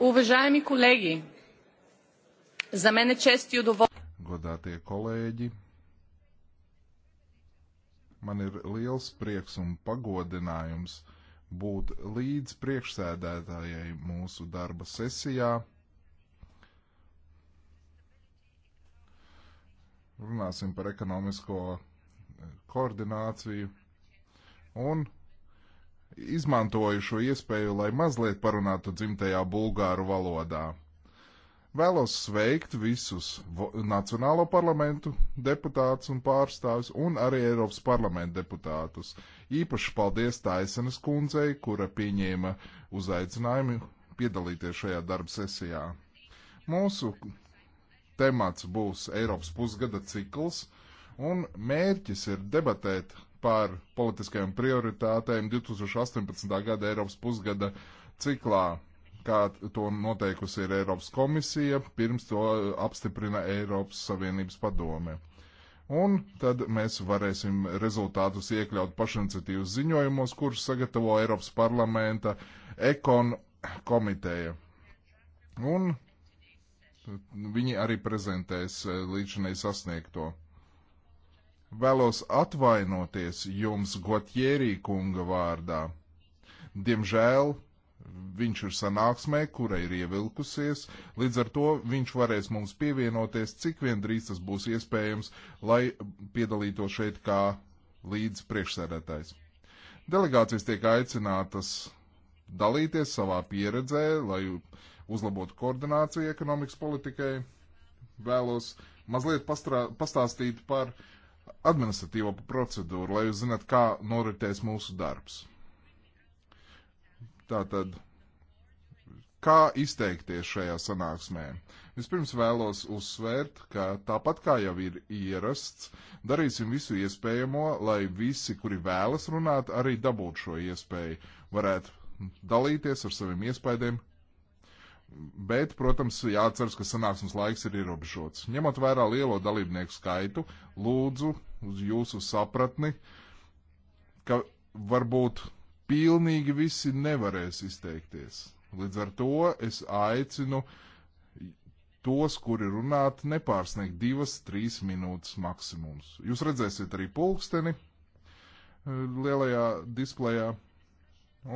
Уважаеми колеги, за мен е чест и удоволствие. Godātie kolēģi, man ir liels prieks un pagodinājums būt līdz priekšsēdētājai mūsu darba sesijā. Runāsim par ekonomisko koordināciju un izmantoju šo iespēju, lai mazliet parunātu dzimtajā bulgāru valodā. Vēlos sveikt visus Nacionālo parlamentu deputātus un pārstāvis un arī Eiropas parlamentu deputātus. Īpaši paldies Taisenes kundzei, kura pieņēma uzaicinājumu piedalīties šajā darba sesijā. Mūsu temats būs Eiropas pusgada cikls, un mērķis ir debatēt par politiskajām prioritātēm 2018. gada Eiropas pusgada ciklā, kā to noteikusi ir Eiropas komisija, pirms to apstiprina Eiropas Savienības padome. Un tad mēs varēsim rezultātus iekļaut pašiniciatīvas ziņojumos, kurus sagatavo Eiropas parlamenta ekon komiteja. Un viņi arī prezentēs eh, līdzinēji sasniegto. Vēlos atvainoties jums Gotjērī kunga vārdā. Diemžēl viņš ir sanāksmē, kura ir ievilkusies, līdz ar to viņš varēs mums pievienoties, cik vien drīz tas būs iespējams, lai piedalītos šeit kā līdz priekšsēdētājs. Delegācijas tiek aicinātas dalīties savā pieredzē, lai uzlabotu koordināciju ekonomikas politikai. Vēlos mazliet pastrā, pastāstīt par uh, administratīvo procedūru, lai jūs zināt, kā noritēs mūsu darbs. Tātad, kā izteikties šajā sanāksmē? Vispirms vēlos uzsvērt, ka tāpat kā jau ir ierasts, darīsim visu iespējamo, lai visi, kuri vēlas runāt, arī dabūtu šo iespēju, varētu dalīties ar saviem iespējām Bet, protams, jāatceras, ka sanāksmes laiks ir ierobežots. Ņemot vērā lielo dalībnieku skaitu, lūdzu uz jūsu sapratni, ka varbūt pilnīgi visi nevarēs izteikties. Līdz ar to es aicinu tos, kuri runāt, nepārsniegt divas, trīs minūtes maksimums. Jūs redzēsiet arī pulksteni e, lielajā displejā,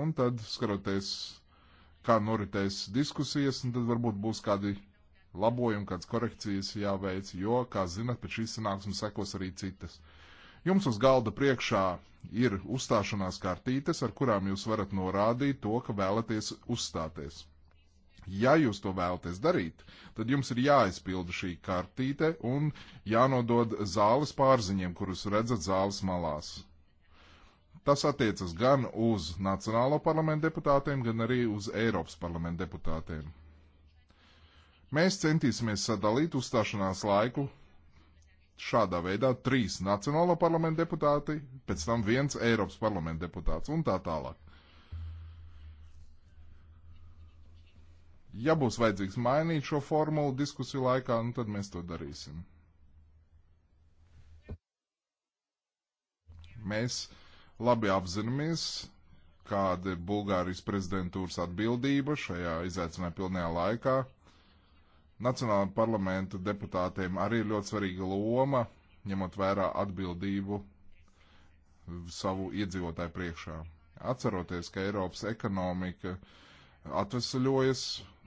un tad, skatoties kā noritēs diskusijas, un tad varbūt būs kādi labojumi, kādas korekcijas jāveic, jo, kā zinat, pēc šīs sanāksmes sekos arī citas. Jums uz galda priekšā ir uzstāšanās kartītes, ar kurām jūs varat norādīt to, ka vēlaties uzstāties. Ja jūs to vēlaties darīt, tad jums ir jāizpilda šī kartīte un jānodod zāles pārziņiem, kurus redzat zāles malās. Tas attiecas gan uz Nacionālo parlamentu deputātiem, gan arī uz Eiropas parlamentu deputātiem. Mēs centīsimies sadalīt uzstāšanās laiku šādā veidā - trīs Nacionālo parlamentu deputāti, pēc tam viens Eiropas parlamentu deputāts un tā tālāk. Ja būs vajadzīgs mainīt šo formulu diskusiju laikā, nu tad mēs to darīsim. Mēs labi apzināmies, kāda ir Bulgārijas prezidentūras atbildība šajā izaicinājuma pilnajā laikā. Nacionālajiem parlamenta deputātiem arī ir ļoti svarīga loma, ņemot vērā atbildību savu iedzīvotāju priekšā. Atceroties, ka Eiropas ekonomika atvesaļojas,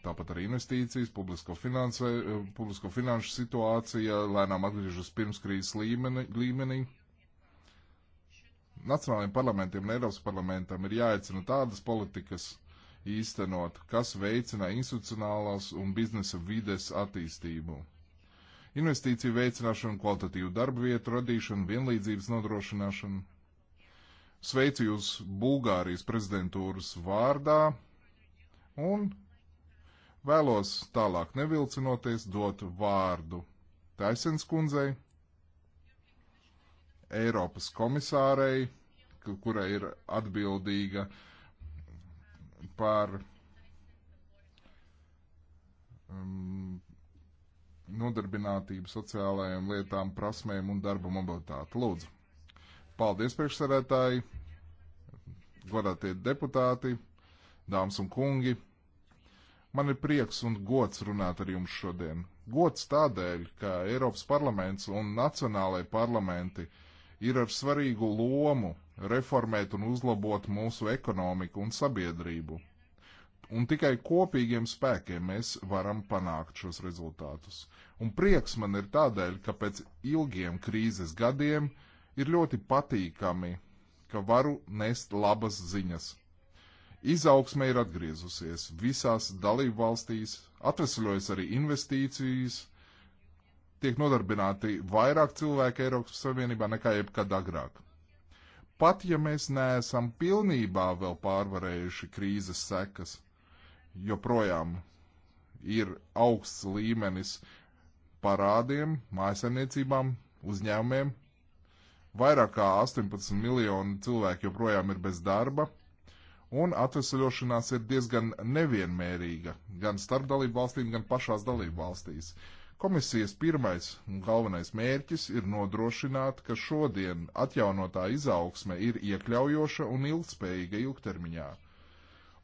tāpat arī investīcijas, publisko, finansē, publisko finanšu situācija lēnām atgriežas pirms krīzes līmeni, līmenī Nacionālajiem parlamentiem un Eiropas parlamentam ir jāicina tādas politikas īstenot, kas veicina institucionālās un biznesa vides attīstību. Investīciju veicināšanu, kvalitatīvu darba vietu radīšanu, vienlīdzības nodrošināšanu. Sveicu jūs Bulgārijas prezidentūras vārdā un vēlos tālāk nevilcinoties dot vārdu Taisens kundzei Eiropas komisārei, kura ir atbildīga par um, nodarbinātību sociālajām lietām, prasmēm un darba mobilitāti. Lūdzu. Paldies, priekšsarētāji, godātie deputāti, dāmas un kungi. Man ir prieks un gods runāt ar jums šodien. Gods tādēļ, ka Eiropas parlaments un nacionālai parlamenti uh, ir ar svarīgu lomu reformēt un uzlabot mūsu ekonomiku un sabiedrību. Un tikai kopīgiem spēkiem mēs varam panākt šos rezultātus. Un prieks man ir tādēļ, ka pēc ilgiem krīzes gadiem ir ļoti patīkami, ka varu nest labas ziņas. Izaugsme ir atgriezusies visās dalību valstīs, atvesļojas arī investīcijas, tiek nodarbināti vairāk cilvēki Eiropas Savienībā nekā jebkad agrāk. Pat ja mēs neesam pilnībā vēl pārvarējuši krīzes sekas, joprojām ir augsts līmenis parādiem, mājasemniecībām, uzņēmumiem. Vairāk kā 18 miljoni cilvēku joprojām ir bez darba, un atvesaļošanās ir diezgan nevienmērīga gan starp dalību valstīm, gan pašās dalību valstīs. Uh, Komisijas pirmais un galvenais mērķis ir nodrošināt, ka šodien atjaunotā izaugsme ir iekļaujoša un ilgspējīga ilgtermiņā.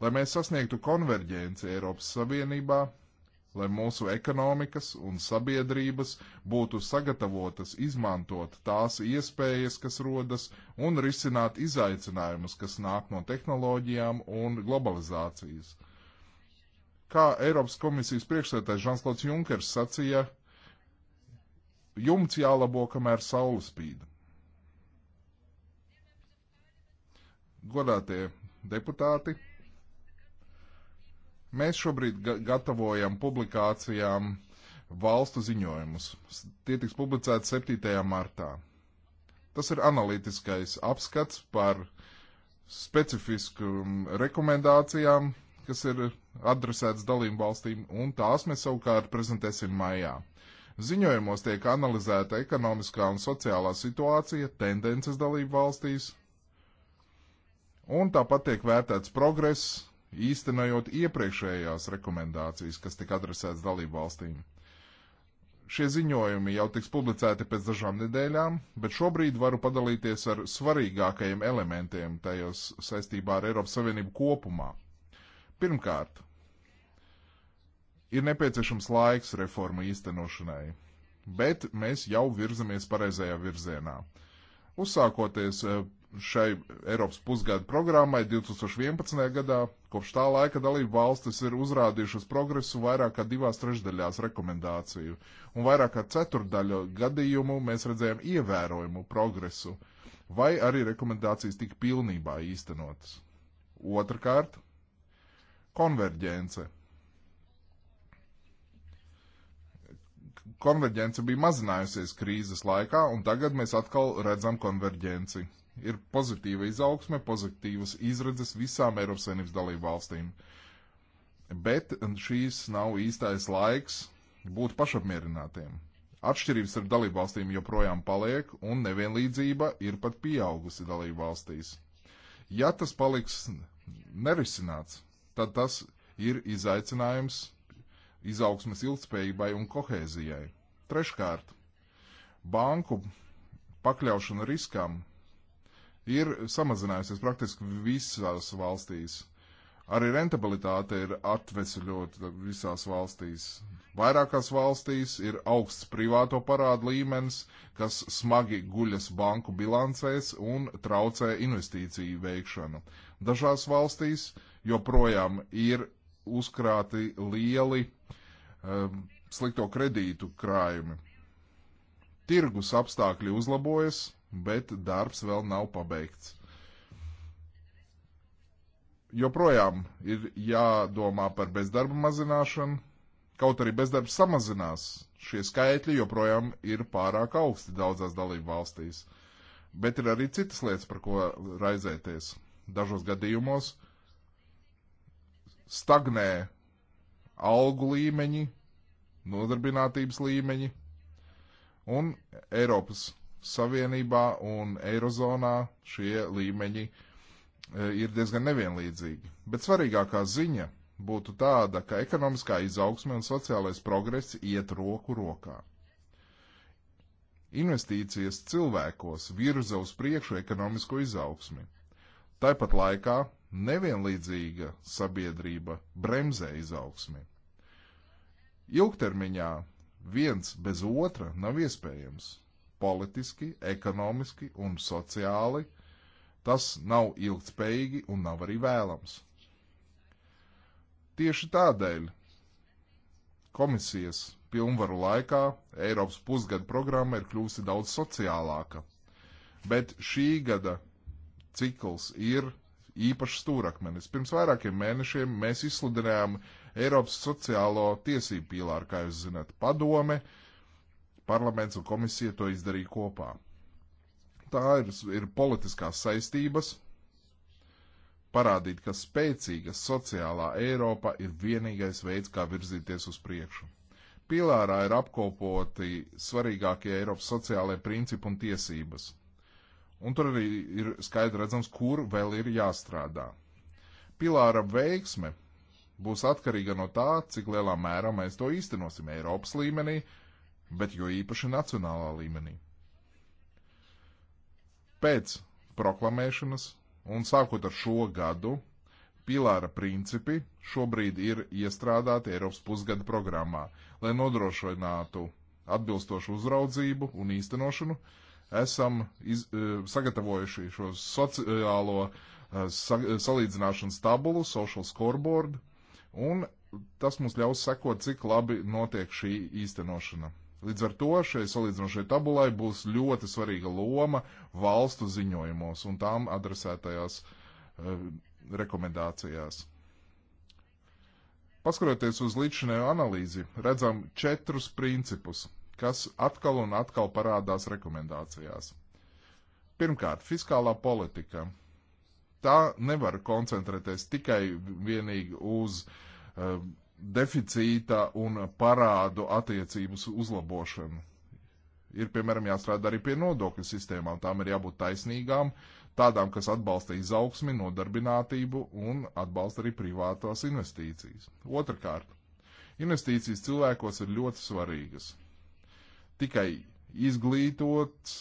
Lai mēs sasniegtu konverģenci Eiropas Savienībā, lai mūsu ekonomikas un sabiedrības būtu sagatavotas izmantot tās iespējas, kas rodas, un risināt izaicinājumus, kas nāk no tehnoloģijām un globalizācijas. Kā Eiropas komisijas priekšsētājs Žanslots Junkers sacīja, jumts jālabo, kamēr saule spīd. Godātie deputāti, mēs šobrīd ga gatavojam publikācijām valstu ziņojumus. Tie tiks publicēti 7. martā. Tas ir analītiskais apskats par specifisku rekomendācijām kas ir adresēts dalību valstīm, un tās mēs savukārt prezentēsim maijā. Ziņojumos tiek analizēta ekonomiskā un sociālā situācija, tendences dalību valstīs, un tāpat tiek vērtēts progress, īstenojot iepriekšējās rekomendācijas, kas tika adresētas dalību valstīm. Šie ziņojumi jau tiks publicēti pēc dažām nedēļām, bet šobrīd varu padalīties ar svarīgākajiem elementiem tajos saistībā ar Eiropas Savienību kopumā. Pirmkārt, ir nepieciešams laiks reformu īstenošanai, bet mēs jau virzamies pareizajā virzienā. Uzsākoties eh, šai Eiropas pusgada programmai 2011. gadā, kopš tā laika dalību valstis ir uzrādījušas progresu vairāk kā divās trešdaļās rekomendāciju, un vairāk kā ceturdaļu gadījumu mēs redzējām ievērojumu progresu, vai arī rekomendācijas tika pilnībā īstenotas. Otrakārt, konverģence. Konverģence bija mazinājusies krīzes laikā, un tagad mēs atkal redzam konverģenci. Ir pozitīva izaugsme, pozitīvas izredzes visām Eiropas Savienības dalību valstīm. Bet šīs nav īstais laiks būt pašapmierinātiem. Atšķirības starp dalībvalstīm joprojām paliek, un nevienlīdzība ir pat pieaugusi dalībvalstīs. Ja tas paliks nerisināts, tad tas ir izaicinājums izaugsmas ilgspējībai un kohēzijai. Treškārt, banku pakļaušana riskam ir samazinājusies praktiski visās valstīs. Arī rentabilitāte ir atvesļota visās valstīs. Vairākās valstīs ir augsts privāto parādu līmenis, kas smagi guļas banku bilancēs un traucē investīciju veikšanu. Dažās valstīs uh, joprojām ir uzkrāti lieli um, slikto kredītu krājumi. Tirgus apstākļi uzlabojas, bet darbs vēl nav pabeigts. Joprojām ir jādomā par bezdarba mazināšanu, kaut arī bezdarbs samazinās. Šie skaitļi joprojām ir pārāk augsti daudzās dalību valstīs. Bet ir arī citas lietas, par ko raizēties. Dažos gadījumos uh, stagnē algu līmeņi, nodarbinātības līmeņi, un Eiropas Savienībā un Eirozonā šie līmeņi e, ir diezgan nevienlīdzīgi. Bet svarīgākā ziņa būtu tāda, ka ekonomiskā izaugsme un sociālais progress iet roku rokā. Investīcijas cilvēkos virza uz priekšu ekonomisko izaugsmi. Tāpat laikā Nevienlīdzīga sabiedrība bremzē izaugsmi. Ilgtermiņā viens bez otra nav iespējams. Politiski, ekonomiski un sociāli tas nav ilgspējīgi un nav arī vēlams. Tieši tādēļ komisijas pilnvaru laikā Eiropas pusgada programma ir kļūsi daudz sociālāka, bet šī gada cikls ir īpašs stūrakmenis. Pirms vairākiem mēnešiem mēs izsludinājām Eiropas sociālo tiesību pīlāru, kā jūs zināt, padome, parlaments un komisija to izdarīja kopā. Tā ir, ir politiskās saistības parādīt, ka spēcīga sociālā Eiropa ir vienīgais veids, kā virzīties uz priekšu. Pilārā ir apkopoti svarīgākie Eiropas sociālai principi un tiesības. Un tur arī ir skaidri redzams, kur vēl ir jāstrādā. Pilāra veiksme būs atkarīga no tā, cik lielā mērā mēs to īstenosim Eiropas līmenī, bet jo īpaši nacionālā līmenī. Pēc proklamēšanas un sākot ar šo gadu, pilāra principi šobrīd ir iestrādāti Eiropas pusgada programmā, lai nodrošinātu atbilstošu uzraudzību un īstenošanu, uh, esam iz, e, sagatavojuši šo sociālo e, sa, salīdzināšanas tabulu, social scoreboard, un tas mums ļaus sekot, cik labi notiek šī īstenošana. Līdz ar to šai salīdzinošai tabulai būs ļoti svarīga loma valstu ziņojumos un tām adresētajās e, rekomendācijās. Paskaroties uz līdzinējo analīzi, redzam četrus principus – kas atkal un atkal parādās rekomendācijās. Pirmkārt, fiskālā politika. Tā nevar koncentrēties tikai vienīgi uz uh, deficīta un parādu attiecības uzlabošanu. Ir, piemēram, jāstrādā arī pie nodokļu sistēmām. Tām ir jābūt taisnīgām, tādām, kas atbalsta izaugsmi, nodarbinātību un atbalsta arī privātās investīcijas. Otrakārt, investīcijas cilvēkos ir ļoti svarīgas. Tikai izglītots,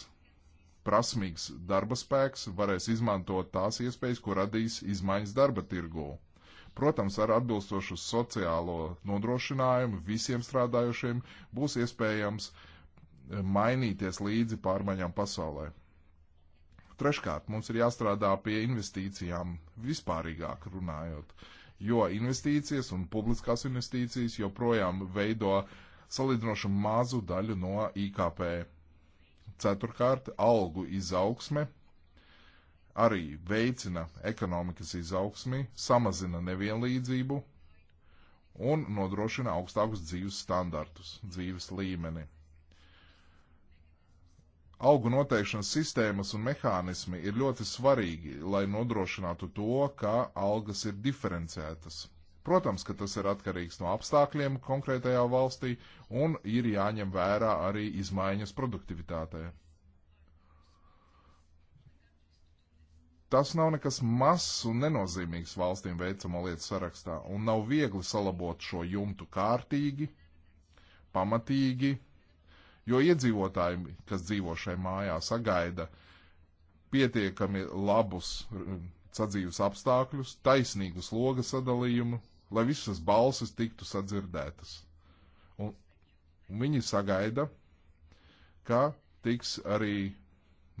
prasmīgs darba spēks varēs izmantot tās iespējas, ko radīs izmaiņas darba tirgū. Protams, ar atbilstošu sociālo nodrošinājumu visiem strādājošiem būs iespējams eh, mainīties līdzi pārmaiņām pasaulē. Treškārt, mums ir jāstrādā pie investīcijām vispārīgāk runājot, jo investīcijas un publiskās investīcijas joprojām veido uh, salīdzinoši mazu daļu no IKP. Ceturkārt, algu izaugsme arī veicina ekonomikas izaugsmi, samazina nevienlīdzību un nodrošina augstākus dzīves standartus, dzīves līmeni. Algu noteikšanas sistēmas un mehānismi ir ļoti svarīgi, lai nodrošinātu to, ka algas ir diferencētas Protams, ka tas ir atkarīgs no apstākļiem konkrētajā valstī un ir jāņem vērā arī izmaiņas produktivitātē. Tas nav nekas mazs un nenozīmīgs valstīm veicamo lietu sarakstā, un nav viegli salabot šo jumtu kārtīgi, pamatīgi, jo iedzīvotāji, kas dzīvo šai mājā, sagaida pietiekami labus sadzīves apstākļus, taisnīgu sloga sadalījumu, lai visas balsis tiktu sadzirdētas. Un, un viņi sagaida, ka tiks arī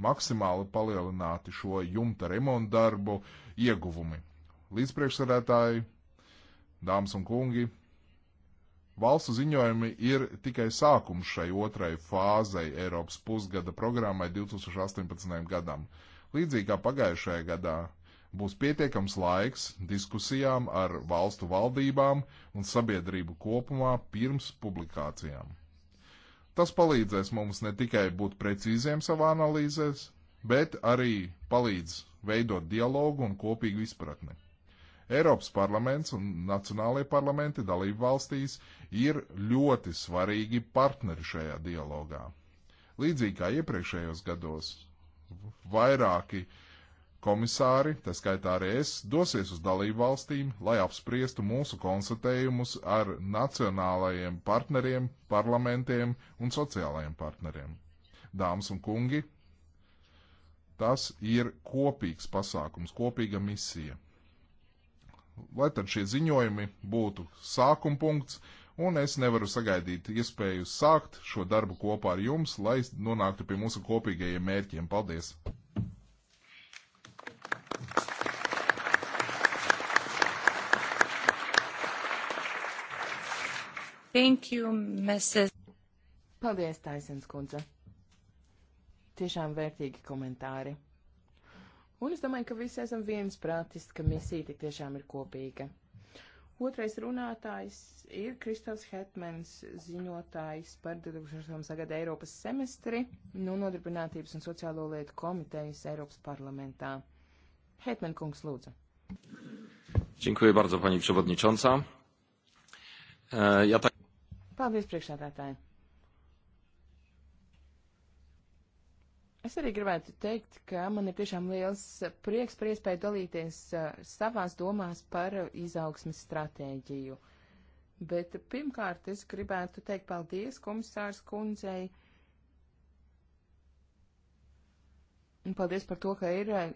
maksimāli palielināti šo jumta remontu darbu ieguvumi. Līdzpriekšsarētāji, dāmas un kungi, valstu ziņojumi ir tikai sākums šai otrai fāzei Eiropas pusgada programmai 2018. gadam. Līdzīgi kā pagājušajā gadā, būs pietiekams laiks diskusijām ar valstu valdībām un sabiedrību kopumā pirms publikācijām. Tas palīdzēs mums ne tikai būt precīziem savā analīzēs, bet arī palīdz veidot dialogu un kopīgu izpratni. Eiropas parlaments un nacionālajie parlamenti dalību valstīs ir ļoti svarīgi partneri šajā dialogā. Līdzīgi kā iepriekšējos gados, vairāki uh, Komisāri, tā skaitā arī es, dosies uz dalību valstīm, lai apspriestu mūsu konstatējumus ar nacionālajiem partneriem, parlamentiem un sociālajiem partneriem. Dāmas un kungi, tas ir kopīgs pasākums, kopīga misija. Lai tad šie ziņojumi būtu sākuma punkts, un es nevaru sagaidīt iespēju sākt šo darbu kopā ar jums, lai nonāktu pie mūsu kopīgajiem mērķiem. Paldies! Thank you, Mrs. Paldies, Taisens kundze. Tiešām vērtīgi komentāri. Un es domāju, ka visi esam viensprātis, ka misija tik tiešām ir kopīga. Otrais runātājs ir Kristofs Hetmans, ziņotājs par 2008. gada Eiropas semestri no Nodarbinātības un sociālo lietu komitejas Eiropas parlamentā. Hetman kungs lūdzu. Dziękuję bardzo, pani przewodnicząca. E, ja tak... Paldies, priekšsēdētāji. Es arī gribētu teikt, ka man ir tiešām liels prieks par iespēju dalīties e, savās domās par izaugsmes stratēģiju. Bet pirmkārt es gribētu teikt paldies komisārs kundzei. Uh, Un paldies par to, ka ir eh,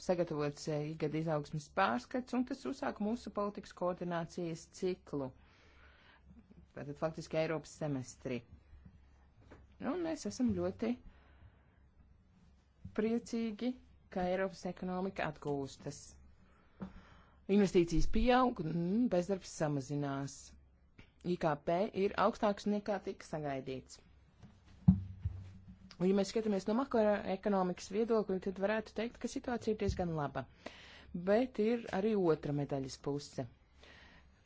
sagatavots eh, ikgada izaugsmes pārskats, un tas uzsāk mūsu politikas koordinācijas ciklu. Tātad faktiski Eiropas semestri. Nu, un mēs esam ļoti priecīgi, ka Eiropas ekonomika atgūstas. Investīcijas pieaug, bezdarbs samazinās. IKP ir augstāks nekā tika sagaidīts. Un, ja mēs skatāmies no makroekonomikas viedokļa, tad varētu teikt, ka situācija ir diezgan laba. Bet ir arī otra medaļas puse.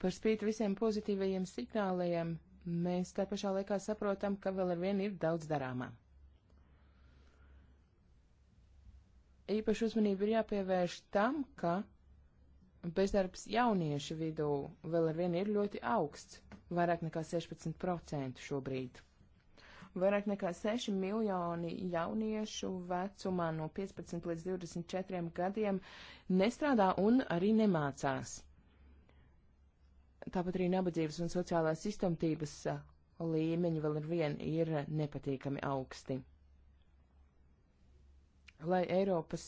Par spīti visiem pozitīvajiem signāliem, mēs tā pašā laikā saprotam, ka vēl ar vienu ir daudz darāmā. Īpaši uzmanība ir jāpievērš tam, ka bezdarbs jauniešu vidū vēl ar vienu ir ļoti augsts, vairāk nekā 16% šobrīd. Vairāk nekā 6 miljoni jauniešu vecumā no 15 līdz 24 gadiem nestrādā un arī nemācās. Tāpat arī nabadzības un sociālās iztumtības līmeņi vēl ar vien ir nepatīkami augsti. Lai Eiropas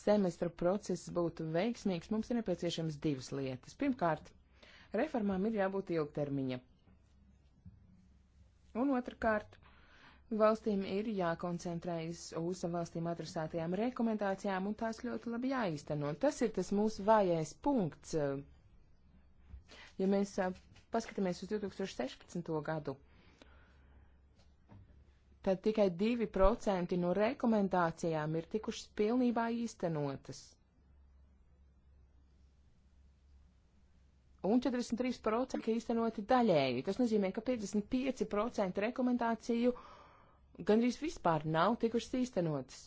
semestra process būtu veiksmīgs, mums ir nepieciešams divas lietas. Pirmkārt, reformām ir jābūt ilgtermiņa Un otrkārt, valstīm ir jākoncentrējas uz valstīm adresētajām rekomendācijām un tās ļoti labi jāīsteno. Tas ir tas mūsu vājais punkts. Ja mēs paskatāmies uz 2016. gadu, tad tikai 2% no rekomendācijām ir tikušas pilnībā īstenotas. un 43% īstenoti daļēji. Tas nozīmē, ka 55% rekomendāciju gandrīz vispār nav tikušas īstenotas.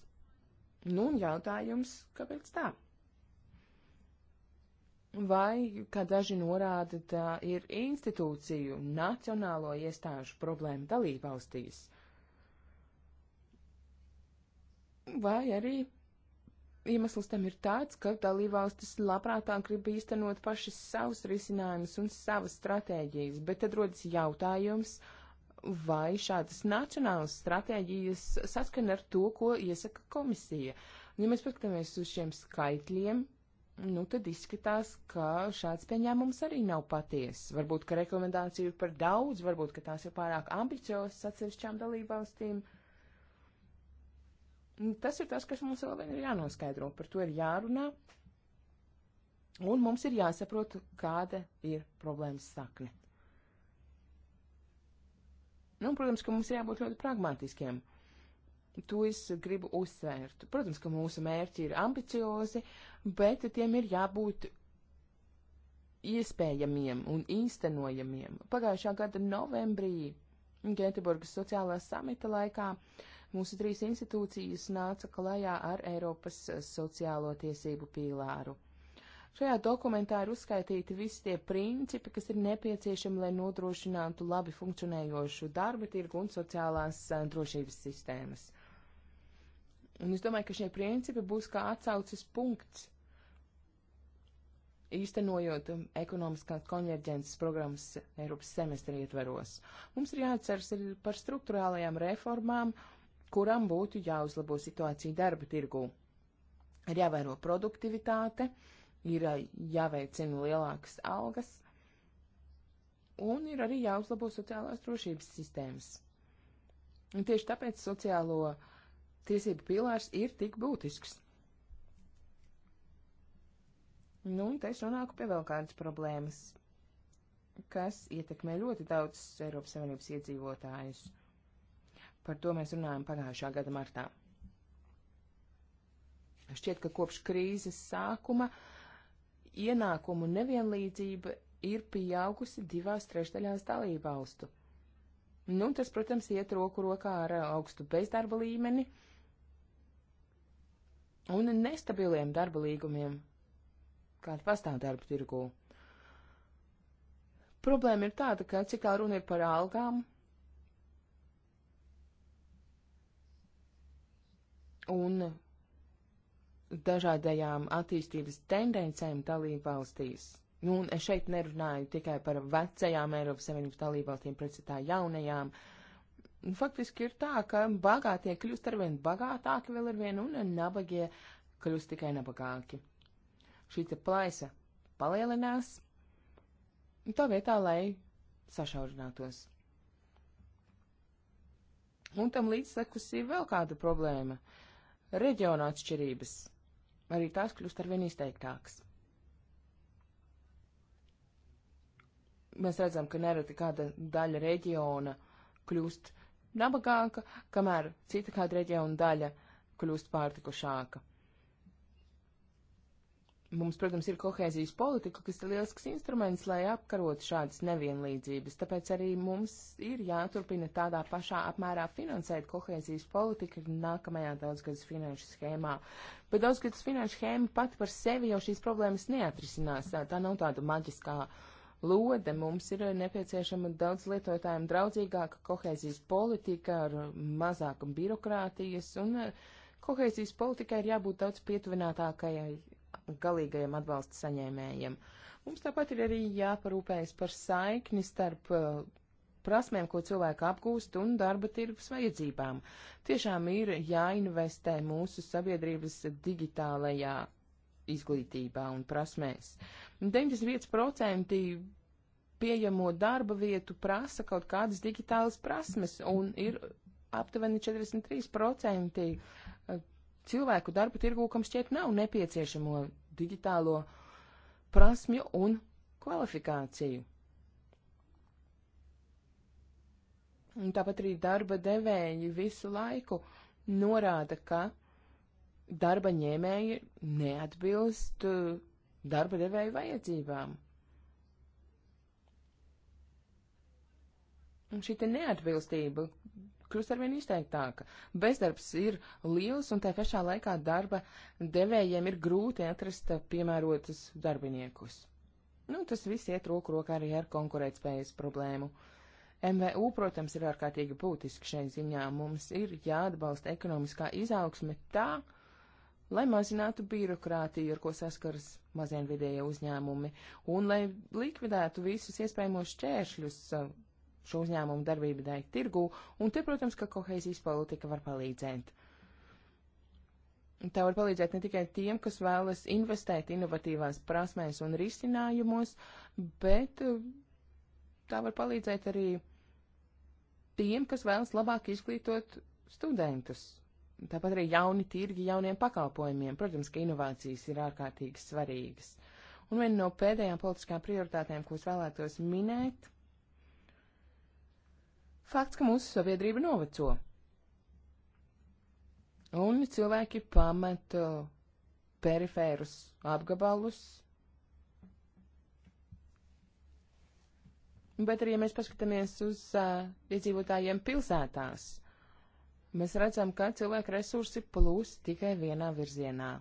Nu, un jautājums, kāpēc tā? Vai, kā daži norāda, tā ir institūciju nacionālo iestāžu problēma dalībvalstīs? Vai arī Iemesls tam ir tāds, ka dalībvalstis labprātāk grib īstenot paši savus risinājumus un savas stratēģijas, bet tad rodas jautājums, vai šādas nacionālas stratēģijas saskana ar to, ko iesaka komisija. Un, ja mēs paskatāmies uz šiem skaitļiem, nu tad izskatās, ka šāds pieņēmums arī nav patiess. Varbūt, ka rekomendāciju ir par daudz, varbūt, ka tās ir pārāk ambiciozas atsevišķām dalībvalstīm. valstīm. Nu, tas ir tas, kas mums vēl vien ir jānoskaidro, par to ir jārunā, un mums ir jāsaprot, kāda ir problēmas sakne. Nu, protams, ka mums ir jābūt ļoti pragmatiskiem. To es gribu uzsvērt. Protams, ka mūsu mērķi ir ambiciozi, bet tiem ir jābūt iespējamiem un īstenojamiem. Pagājušā gada novembrī Gēteburgas sociālā samita laikā uh, mūsu trīs institūcijas nāca klajā ar Eiropas sociālo tiesību pīlāru. Šajā dokumentā ir uzskaitīti visi tie principi, kas ir nepieciešami, lai nodrošinātu labi funkcionējošu darba tirgu un sociālās eh, drošības sistēmas. Un es domāju, ka šie principi būs kā atsauces punkts īstenojot um, ekonomiskās konverģences programmas Eiropas semestra ietveros. Mums ir jāatceras par struktūrālajām reformām kuram būtu jāuzlabo situācija darba tirgū. Ir jāvēro produktivitāte, ir jāveicina lielākas algas, un ir arī jāuzlabo sociālās drošības sistēmas. Un tieši tāpēc sociālo tiesību pilārs ir tik būtisks. Nu, un te es nonāku pie vēl kādas problēmas, kas ietekmē ļoti daudz Eiropas Savienības iedzīvotājus. Par to mēs runājam pagājušā gada martā. Šķiet, ka kopš krīzes sākuma ienākumu nevienlīdzība ir pieaugusi divās trešdaļās dalībvalstu. Nu, tas, protams, iet roku rokā ar augstu bezdarba līmeni un nestabiliem darba līgumiem, kāda pastāv darba tirgū. Problēma ir tāda, ka cik tā runa ir par algām, un dažādajām attīstības tendencēm dalībvalstīs. Nu, un es šeit nerunāju tikai par vecajām Eiropas Savienības dalībvalstīm precitā jaunajām. Nu, faktiski ir tā, ka bagātie kļūst arvien bagātāki vēl arvien, un nabagie kļūst tikai nabagāki. Šī te plaisa palielinās, tā vietā, lai sašaurinātos. Un tam līdzsekus ir vēl kāda problēma. Uh, reģiona atšķirības. Arī tās kļūst arvien izteiktākas. Mēs redzam, ka nereti kāda daļa reģiona kļūst nabagāka, kamēr cita kāda reģiona daļa kļūst pārtikušāka. Mums, protams, ir kohēzijas politika, kas ir lielisks instruments, lai apkarotu šādas nevienlīdzības, tāpēc arī mums ir jāturpina tādā pašā apmērā finansēt kohēzijas politiku nākamajā daudzgadas finanšu schēmā. Bet daudzgadas finanšu schēma pati par sevi jau šīs problēmas neatrisinās. Tā nav tāda maģiskā lode. Mums ir nepieciešama daudz lietotājiem draudzīgāka kohēzijas politika ar mazāku birokrātijas un. Eh, kohēzijas politikai ir jābūt daudz pietuvinātākajai galīgajiem atbalsta saņēmējiem. Mums tāpat ir arī jāparūpējas par saikni starp uh, prasmēm, ko cilvēki apgūst, un darba tirgus vajadzībām. Tiešām ir jāinvestē mūsu sabiedrības digitālajā izglītībā un prasmēs. 95% pieejamo darba vietu prasa kaut kādas digitālas prasmes, un ir aptuveni 43% cilvēku darba tirgū, kam šķiet nav nepieciešamo digitālo prasmju un kvalifikāciju. Un tāpat arī darba devēji visu laiku norāda, ka darba ņēmēji neatbilst uh, darba devēju vajadzībām. Un šī neatbilstība kļūst arvien izteiktāka. Bezdarbs ir liels, un tā pašā laikā darba devējiem ir grūti atrast eh, piemērotus darbiniekus. Nu, tas viss iet roku rokā arī ar konkurētspējas problēmu. MVU, protams, ir ārkārtīgi būtiski šai ziņā. Mums ir jāatbalsta ekonomiskā izaugsme tā, lai mazinātu birokrātiju, ar ko saskaras mazienvidējie uzņēmumi, un lai likvidētu visus iespējamos šķēršļus eh, šo uzņēmumu darbību dēļ tirgū, un te, protams, ka kohēzijas politika var palīdzēt. Tā var palīdzēt ne tikai tiem, kas vēlas investēt inovatīvās prasmēs un risinājumos, bet eh, tā var palīdzēt arī tiem, kas vēlas labāk izglītot studentus. Tāpat arī jauni tirgi jauniem pakalpojumiem. Protams, ka inovācijas ir ārkārtīgi svarīgas. Un viena no pēdējām politiskām prioritātēm, ko es vēlētos minēt, Fakts, ka mūsu sabiedrība noveco. Un cilvēki pamet uh, perifērus apgabalus. Bet arī, ja mēs paskatāmies uz uh, iedzīvotājiem pilsētās, mēs redzam, ka cilvēku resursi plūs tikai vienā virzienā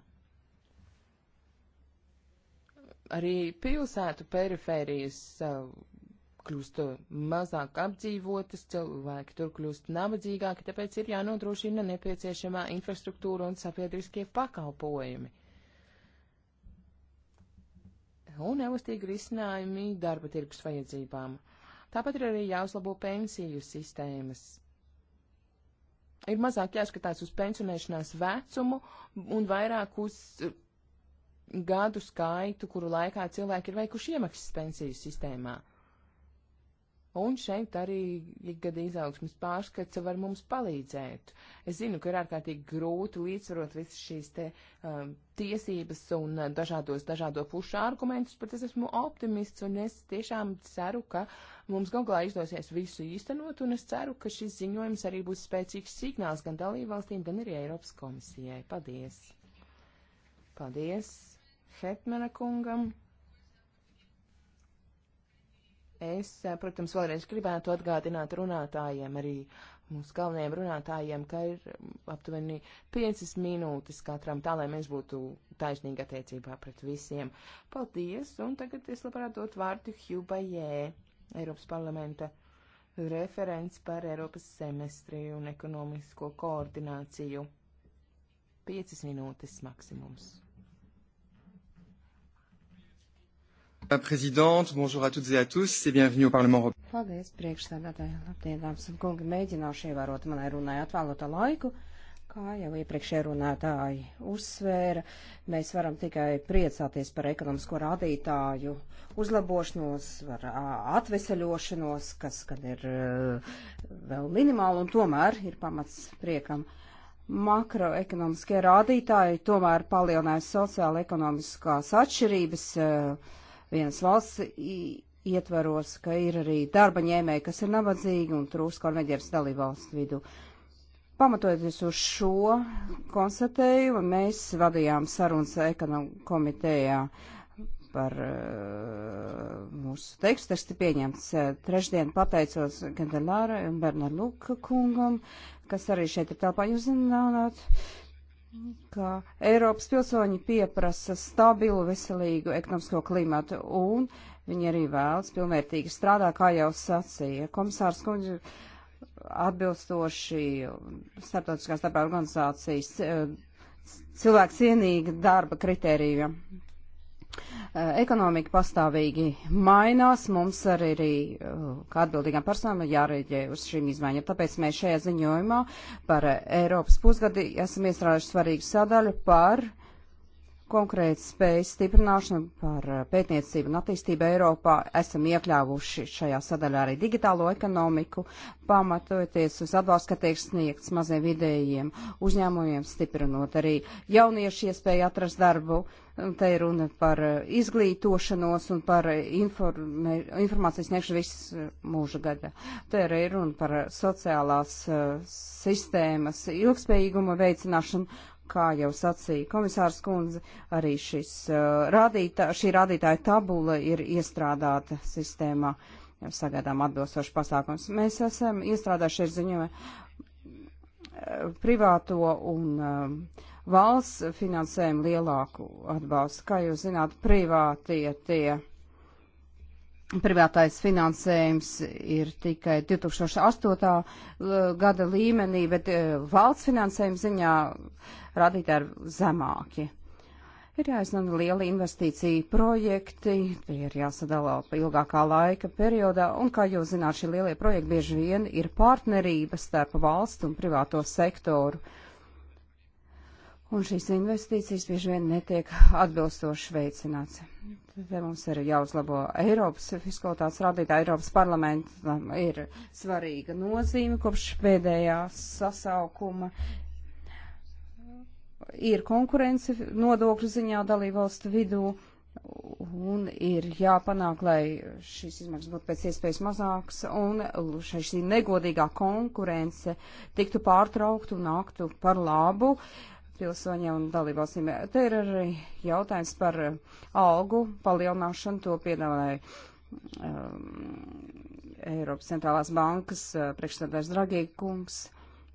arī pilsētu perifērijas uh, kļūst uh, mazāk apdzīvotas, cilvēki tur kļūst nabadzīgāki, tāpēc ir jānodrošina nepieciešamā infrastruktūra un sabiedriskie pakalpojumi. Un elastīgi risinājumi darba tirgus vajadzībām. Tāpat ir arī jāuzlabo pensiju sistēmas. Ir mazāk jāskatās uz pensionēšanās vecumu un vairāk uz uh, gadu skaitu, kuru laikā cilvēki ir veikuši iemaksas pensiju sistēmā. Un šeit arī ikgada izaugsmas pārskats var mums palīdzēt. Es zinu, ka ir ārkārtīgi grūti līdzsvarot visas šīs te um, tiesības un uh, dažādos dažādo pušu argumentus, bet es esmu optimists un es tiešām ceru, ka mums galvā izdosies visu īstenot un es ceru, ka šis ziņojums arī būs spēcīgs signāls gan dalībvalstīm, gan arī Eiropas komisijai. Paldies! Paldies Hetmana kungam! Es, eh, protams, vēlreiz gribētu atgādināt runātājiem, arī mūsu galvenajiem runātājiem, ka ir mm, aptuveni 5 minūtes katram, tā lai mēs būtu taisnīgi attiecībā pret visiem. Paldies, un tagad es labprāt dot vārdu Hjubajē, Eiropas parlamenta referents par Eiropas semestri un ekonomisko koordināciju. 5 minūtes maksimums. Paldies, priekšstādātāji. Labdien, dāmas un kungi. Mēģināšu ievērot manai runai atvēlēto laiku. Kā jau iepriekšējā runātāji uzsvēra, mēs varam tikai priecāties par ekonomisko rādītāju uzlabošanos, var atveseļošanos, kas gan ir vēl minimāli un tomēr ir pamats priekam. Makroekonomiskie rādītāji tomēr palielināja sociāla ekonomiskās atšķirības. Uh, vienas valsts ietvaros, ka ir arī darba ņēmēji, kas ir nabadzīgi un trūks korneģers dalībvalstu vidu. Pamatojoties uz šo konstatējumu, mēs vadījām sarunas ekonomikas komitejā par uh, mūsu tekstu. Tas ir pieņemts uh, trešdien, pateicos Gandelāra un Bernardu Luka kungam, kas arī šeit ir telpā jūs zināt. Uh, ka Eiropas pilsoņi pieprasa stabilu, veselīgu ekonomisko klimatu, un viņi arī vēlas pilnvērtīgi strādāt, kā jau sacīja komisārs kundze, atbilstoši starptautiskās darba organizācijas eh, cilvēku cienīga darba kritērijiem. Eh, ekonomika pastāvīgi mainās, mums arī, arī eh, kā atbildīgām personām jārēģē uz šīm izmaiņām. Tāpēc mēs šajā ziņojumā par Eiropas pusgadi esam iestrādājuši svarīgu sadaļu par uh, konkrēta spējas stiprināšanu par eh, pētniecību un attīstību Eiropā. Esam iekļāvuši šajā sadaļā arī digitālo ekonomiku, pamatojoties uz atbalstu, ka tiek sniegts maziem vidējiem uzņēmumiem, stiprinot arī jauniešu iespēju atrast darbu. Te ir runa par eh, izglītošanos un par eh, informē, informācijas sniegšanu visu mūža gada. Te ir runa par sociālās sistēmas ilgspējīguma veicināšanu kā jau sacīja komisārs kundze, arī šis, uh, rādītā, šī rādītāja tabula ir iestrādāta sistēmā. Jau sagaidām atbilstoši pasākums. Mēs esam iestrādājuši ar ziņojumu uh, privāto un um, valsts finansējumu lielāku atbalstu. Kā jūs zināt, privātie tie. tie privātais finansējums ir tikai 2008. Uh, gada līmenī, bet uh, valsts finansējuma ziņā radītāji ir zemāki. Ir jāiznana lieli investīcija projekti, tie ir jāsadalā ilgākā laika periodā, un, kā jūs zināt, šie lielie projekti bieži vien ir partnerības starp valstu un privāto sektoru. Uh, un šīs investīcijas bieži vien netiek atbilstoši veicināts. Te mums ir jāuzlabo Eiropas fiskalitātes rādītāji. Eiropas parlamentam ir svarīga nozīme kopš pēdējā sasaukuma. Ir konkurence nodokļu ziņā dalībvalstu vidū un ir jāpanāk, lai šīs izmaksas būtu pēc iespējas mazākas un šī negodīgā konkurence tiktu pārtraukta un nāktu par labu uh, pilsoņiem un dalībvalstīm. Te ir arī jautājums par eh, algu palielināšanu, to piedāvāja um, Eiropas centrālās bankas eh, priekšsēdājs Dragī kungs.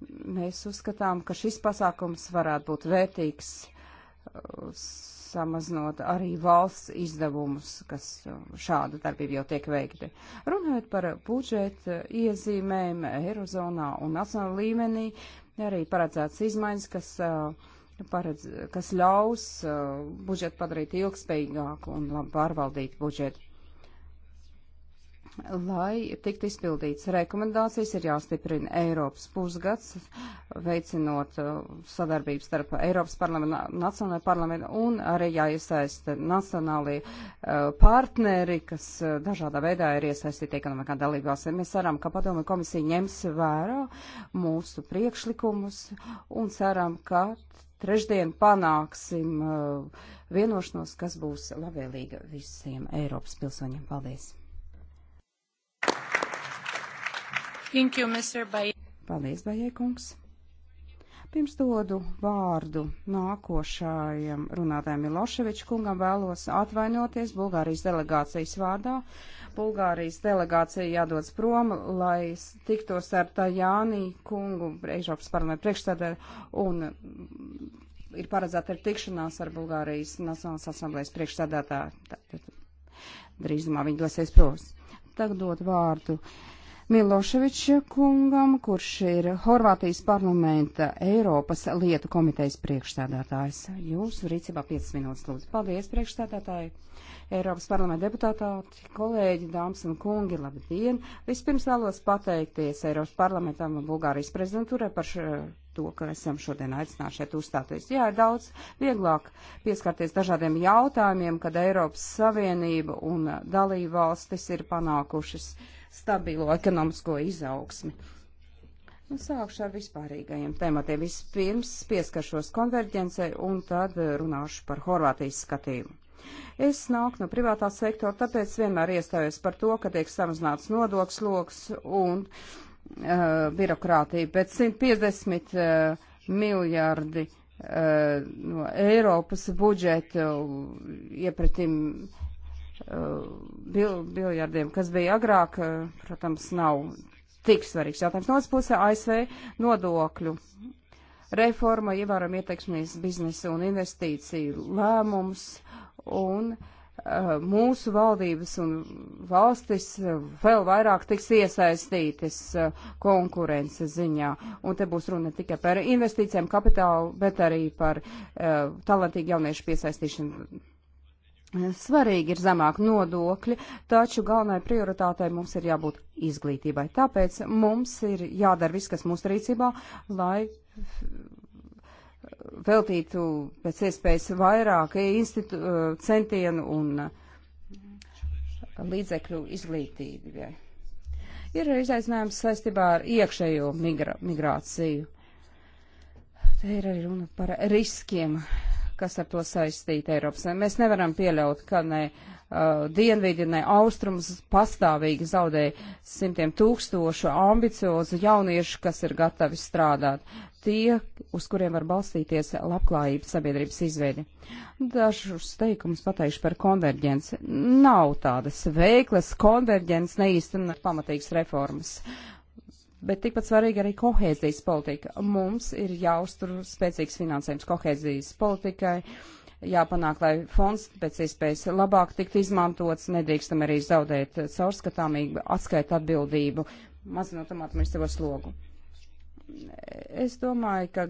Mēs uzskatām, ka šis pasākums varētu būt vērtīgs samazinot arī valsts izdevumus, kas šāda darbība jau tiek veikta. Runājot par budžeta iezīmēm Eirozonā un nacionālā līmenī, uh, arī paredzēts izmaiņas, kas, paredz, kas ļaus budžetu padarīt ilgspējīgāku un labi pārvaldīt budžetu lai tiktu izpildīts. Rekomendācijas ir jāstiprina Eiropas pusgads, veicinot uh, sadarbību starp Eiropas parlamentu, Nacionālajā parlamentu un arī jāiesaista nacionālie uh, partneri, kas uh, dažādā veidā ir iesaistīti ekonomikā dalībās. Mēs ceram, ka padomu komisija ņems vērā mūsu priekšlikumus un ceram, ka trešdien panāksim vienošanos, kas būs labvēlīga visiem Eiropas pilsoņiem. Paldies! Thank you, Mr. Baie. Paldies, Baie kungs. Pirms dodu vārdu nākošajam runātājam Miloševiču kungam vēlos atvainoties Bulgārijas delegācijas vārdā. Bulgārijas delegācija jādodas prom, lai tiktos ar Tajāni kungu, Eiropas parlamenta priekšstādātāju, un ir paredzēta ir tikšanās ar Bulgārijas Nacionālās asamblējas priekšstādātāju. Drīzumā viņi dosies pros. Tagad dod vārdu uh, Miloševiča kungam, kurš ir Horvātijas parlamenta Eiropas lietu komitejas priekšstādātājs. Jūsu rīcībā 5 minūtes lūdzu. Paldies, priekšstādātāji! Eiropas parlamenta deputātāti, kolēģi, dāmas un kungi, labdien! Vispirms vēlos pateikties Eiropas parlamentam un Bulgārijas prezidentūrai par šo to, ka esam šodien aicināti šeit uzstāties. Jā, ir daudz vieglāk pieskarties dažādiem jautājumiem, kad Eiropas Savienība un dalība valstis ir panākušas uh, stabilo ekonomisko izaugsmi. Nu, sākšu ar vispārīgajiem tematiem. Vispirms pieskaršos konverģencei un tad eh, runāšu par Horvātijas skatījumu. Es nāku no privātā sektora, tāpēc vienmēr iestājos par to, ka tiek samazināts nodoksloks un uh, birokrātija, bet 150 uh, miljardi uh, no Eiropas budžeta uh, iepratim bil, biljardiem, kas bija agrāk, eh, protams, nav tik svarīgs jautājums. No otras puses, ASV nodokļu reforma ievēram ieteiksmies biznesa un investīciju lēmums un uh, mūsu valdības un valstis vēl vairāk tiks iesaistītas uh, eh, konkurences ziņā. Un te būs runa ne tikai par investīcijām, kapitālu, bet arī par uh, talantīgu jauniešu piesaistīšanu Svarīgi ir zemāk nodokļi, taču galvenai prioritātei mums ir jābūt izglītībai. Tāpēc mums ir jādara viss, kas mūsu rīcībā, lai veltītu pēc iespējas vairāk institu, centienu un līdzekļu izglītībai. Ir izaicinājums saistībā ar iekšējo migra, migrāciju. Te ir arī runa par riskiem, kas ar to saistīta Eiropas. Mēs nevaram pieļaut, ka ne uh, dienvidi, ne austrums pastāvīgi zaudē simtiem tūkstošu ambiciozu jauniešu, kas ir gatavi strādāt. Tie, uz kuriem var balstīties labklājības sabiedrības izveidi. Dažus teikumus pateikšu par konverģenci. Nav tādas veiklas konverģents neīstenot pamatīgas reformas. Uh, bet tikpat svarīga arī kohēzijas politika. Mums ir jāuztur spēcīgs finansējums kohēzijas politikai, jāpanāk, lai fonds pēc iespējas labāk tiktu izmantots, nedrīkstam arī zaudēt caurskatāmību, atskaitu atbildību, mazinot administratīvo slogu. Es domāju, ka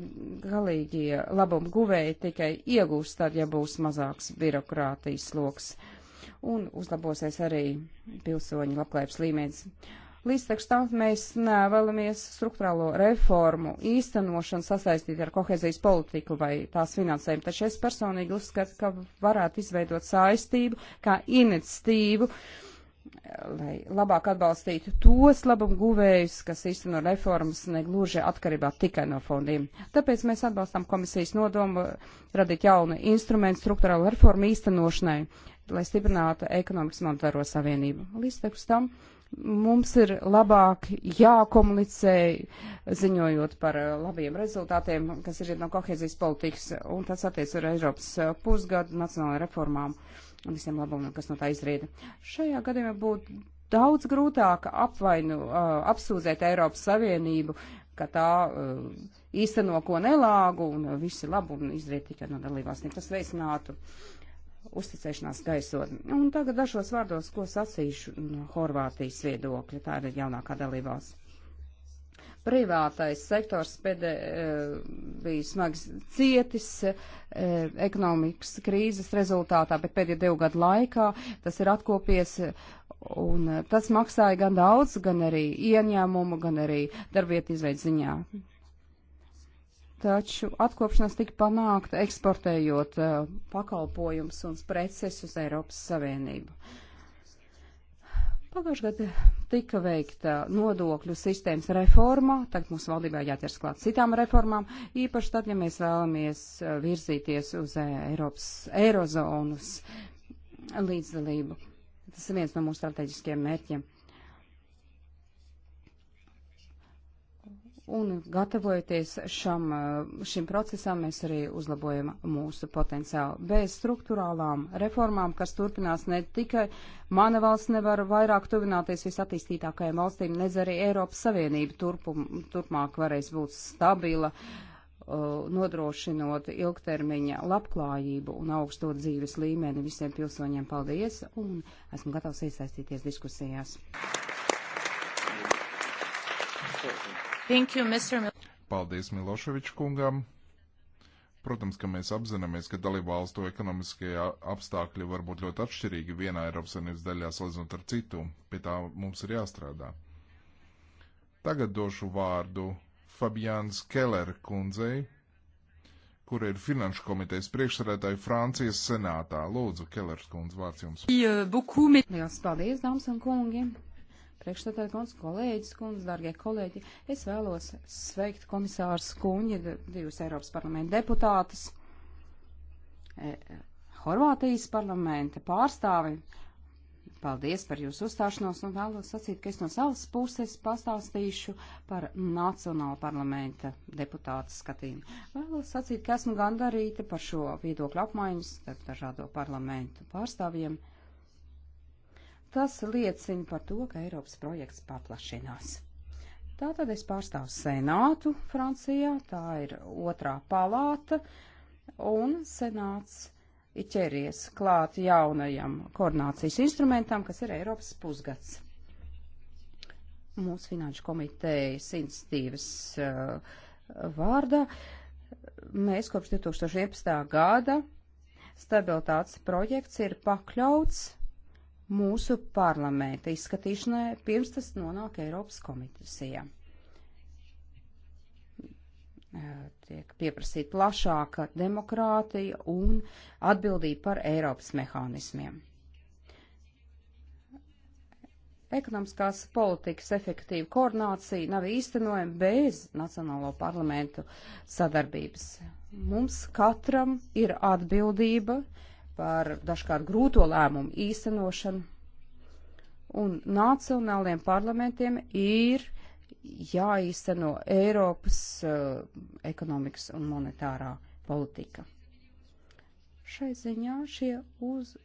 galīgie labumu guvēji tikai iegūs tad, ja būs mazāks birokrātijas sloks un uzlabosies arī pilsoņu labklājības līmenis. Uh, Līdz tam mēs vēlamies struktūrālo reformu īstenošanu sasaistīt ar kohezijas politiku vai tās finansējumu, taču es personīgi uzskatu, ka varētu izveidot saistību kā iniciatīvu, lai labāk atbalstītu tos labumu guvējus, kas īsteno reformas negluži atkarībā tikai no fondiem. Tāpēc mēs atbalstām komisijas nodomu radīt jaunu instrumentu struktūrālu reformu īstenošanai, lai stiprinātu ekonomikas monetāro savienību. Līdz tam Mums ir labāk jākomunicē, ziņojot par eh, labiem rezultātiem, kas ir no kohēzijas politikas, un tas attiec ar Eiropas eh, pusgadu, nacionālajām reformām un visiem labumiem, kas no tā izrieda. Šajā gadījumā būtu daudz grūtāk apvainu, eh, apsūdzēt Eiropas Savienību, ka tā īsteno ko nelāgu un visi labumi izriet tikai no dalībvalstīm. Tas veicinātu uh, uzticēšanās gaisotni. Un tagad dažos vārdos, ko sacīšu no Horvātijas viedokļa, tā ir jaunākā dalībās. Privātais sektors pēdē, eh, bija smags cietis eh, ekonomikas krīzes rezultātā, bet pēdējo divu gadu laikā tas ir atkopies un eh, tas maksāja gan daudz, gan arī ieņēmumu, gan arī darbvietu izveidziņā taču atkopšanās tika panākta eksportējot uh, eh, pakalpojums un preces uz Eiropas Savienību. Pagājušajā gadā tika veikta nodokļu sistēmas reforma, tagad mums valdībā jāķers klāt citām reformām, īpaši tad, ja mēs vēlamies eh, virzīties uz eh, Eiropas eirozonas līdzdalību. Tas ir viens no mūsu strateģiskiem mērķiem. Un gatavojoties šam, eh, šim procesam, mēs arī uzlabojam mūsu potenciālu. Bez struktūrālām reformām, kas turpinās ne tikai mana valsts nevar vairāk tuvināties visattīstītākajām valstīm, nedz arī Eiropas Savienība turpum, turpmāk varēs būt stabila, eh, nodrošinot ilgtermiņa labklājību un augsto dzīves līmeni visiem pilsoņiem. Paldies! Un esmu gatavs iesaistīties diskusijās. Thank you. Thank you, Mr. Mil Paldies Miloševiču kungam. Protams, ka mēs apzināmies, ka dalībvalstu ekonomiskie apstākļi var būt ļoti atšķirīgi vienā Eiropas Savienības daļā salīdzinot ar citu. Pie tā mums ir jāstrādā. Tagad došu vārdu Fabians Keller kundzei, kur ir Finanšu komitejas priekšsarētāja Francijas senātā. Lūdzu, Kellers kundze, vārds jums. Liels paldies, dāmas un kungi! priekšstādāja kundze, kolēģis kundze, dargie kolēģi, es vēlos sveikt komisāru Skuņi, divus Eiropas parlamenta deputātus, e, Horvātijas parlamenta pārstāvi. Paldies par jūsu uzstāšanos un vēlos sacīt, ka es no savas puses pastāstīšu par Nacionāla parlamenta deputātu skatījumu. Vēlos sacīt, ka esmu gandarīta par šo viedokļu apmaiņas starp dažādo parlamentu pārstāvjiem. Uh, Tas liecina par to, ka Eiropas projekts paplašinās. Tātad es pārstāvu senātu Francijā, tā ir otrā palāta, un senāts ir ķeries klāt jaunajam koordinācijas instrumentam, kas ir Eiropas pusgads. Mūsu finanšu komitejas institīvas uh, vārdā mēs kopš 2011. gada stabilitātes projekts ir pakļauts mūsu parlamenta izskatīšanai, pirms tas nonāk Eiropas komisijā. Tiek pieprasīta plašāka demokrātija un atbildība par Eiropas mehānismiem. Ekonomiskās politikas efektīva koordinācija nav īstenojama bez Nacionālo parlamentu sadarbības. Mums katram ir atbildība uh, par dažkārt grūto lēmumu īstenošanu, un nacionāliem parlamentiem ir jāīsteno Eiropas uh, ekonomikas un monetārā politika. Šai ziņā šie uz,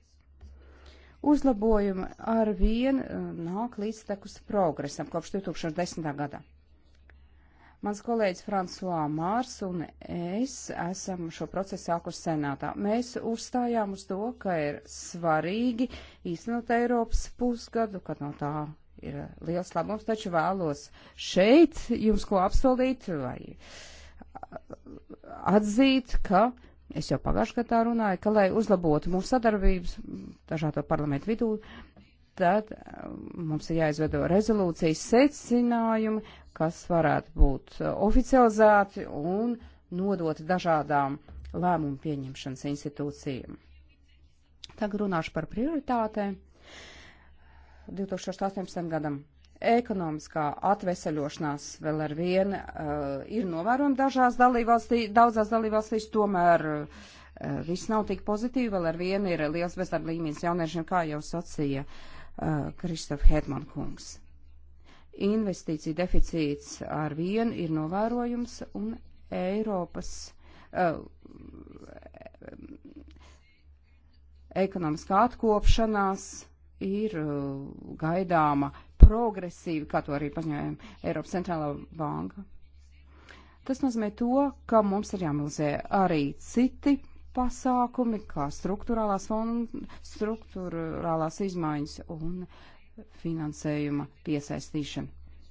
uzlabojumi ar vien uh, nāk līdztekus progresam kopš 2010. gada. Mans kolēģis Fransuā Mārs un es esam šo procesu sākuši senātā. Mēs uzstājām uz to, ka ir svarīgi īstenot Eiropas pusgadu, kad no tā ir liels labums, taču vēlos šeit jums ko apsolīt vai atzīt, ka es jau pagājušajā gadā runāju, ka lai uzlabotu mūsu sadarbības dažādo parlamentu vidū, tad um, mums ir jāizveido rezolūcijas secinājumi, kas varētu būt uh, oficializēti un nodoti dažādām lēmumu pieņemšanas institūcijām. Tagad runāšu par prioritātēm. 2018. gadam ekonomiskā atveseļošanās vēl ar vienu uh, ir novērojama dažās dalībvalstī, daudzās dalībvalstīs, tomēr uh, viss nav tik pozitīvi, vēl ar vienu ir liels bezdarba līmenis jauniešiem, kā jau sacīja uh, Uh, Kristof Hetman kungs. Investīcija deficīts ar vienu ir novērojums un Eiropas uh, ekonomiskā atkopšanās ir uh, gaidāma progresīvi, kā to arī paņēma Eiropas centrālā banka. Tas nozīmē to, ka mums ir jāmilzē arī citi pasākumi, kā struktūrālās, fond, struktūrālās izmaiņas un finansējuma piesaistīšana.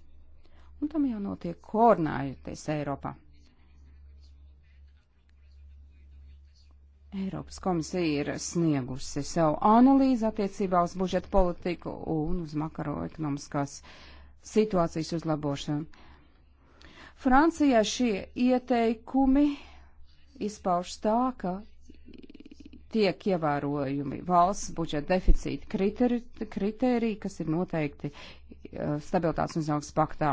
Un tam jau notiek koordinējoties Eiropā. Eiropas komisija ir sniegusi savu analīzi attiecībā uz budžeta politiku un uz makaroekonomiskās situācijas uzlabošanu. Francijā šie ieteikumi izpaužas tā, ka tiek ievērojumi valsts budžeta deficīta kriteri, kriteriji, kas ir noteikti uh, stabilitātes un izaugs paktā.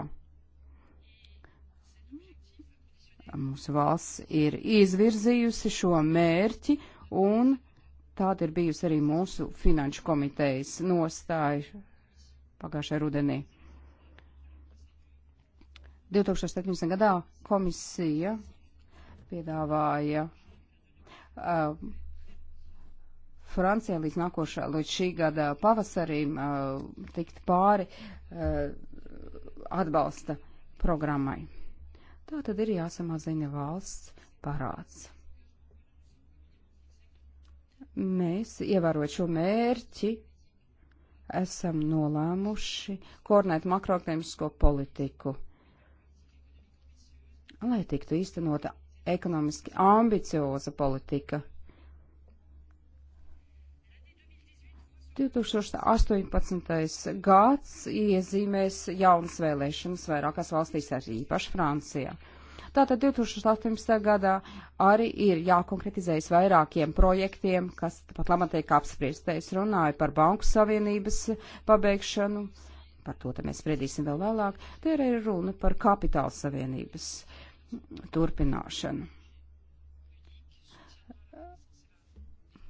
Mūsu valsts ir izvirzījusi šo mērķi un tāda ir bijusi arī mūsu finanšu komitejas nostāja pagājušajā rudenī. 2017. gadā komisija piedāvāja uh, Francijā līdz nākošā, līdz šī gada pavasarim uh, tikt pāri uh, atbalsta programmai. Tā tad ir jāsamazina valsts parāds. Mēs, ievērot šo mērķi, esam nolēmuši koordinēt makroekonomisko politiku, lai tiktu īstenota ekonomiski ambicioza politika 2018. gads iezīmēs jaunas vēlēšanas vairākās valstīs, arī īpaši Francijā. Tātad 2018. gadā arī ir jākonkretizējas vairākiem projektiem, kas pat labāk tiek apspriestais. Runāju par Banku Savienības pabeigšanu, par to mēs spriedīsim vēl vēlāk. Te ir runa par Kapitāla Savienības turpināšanu.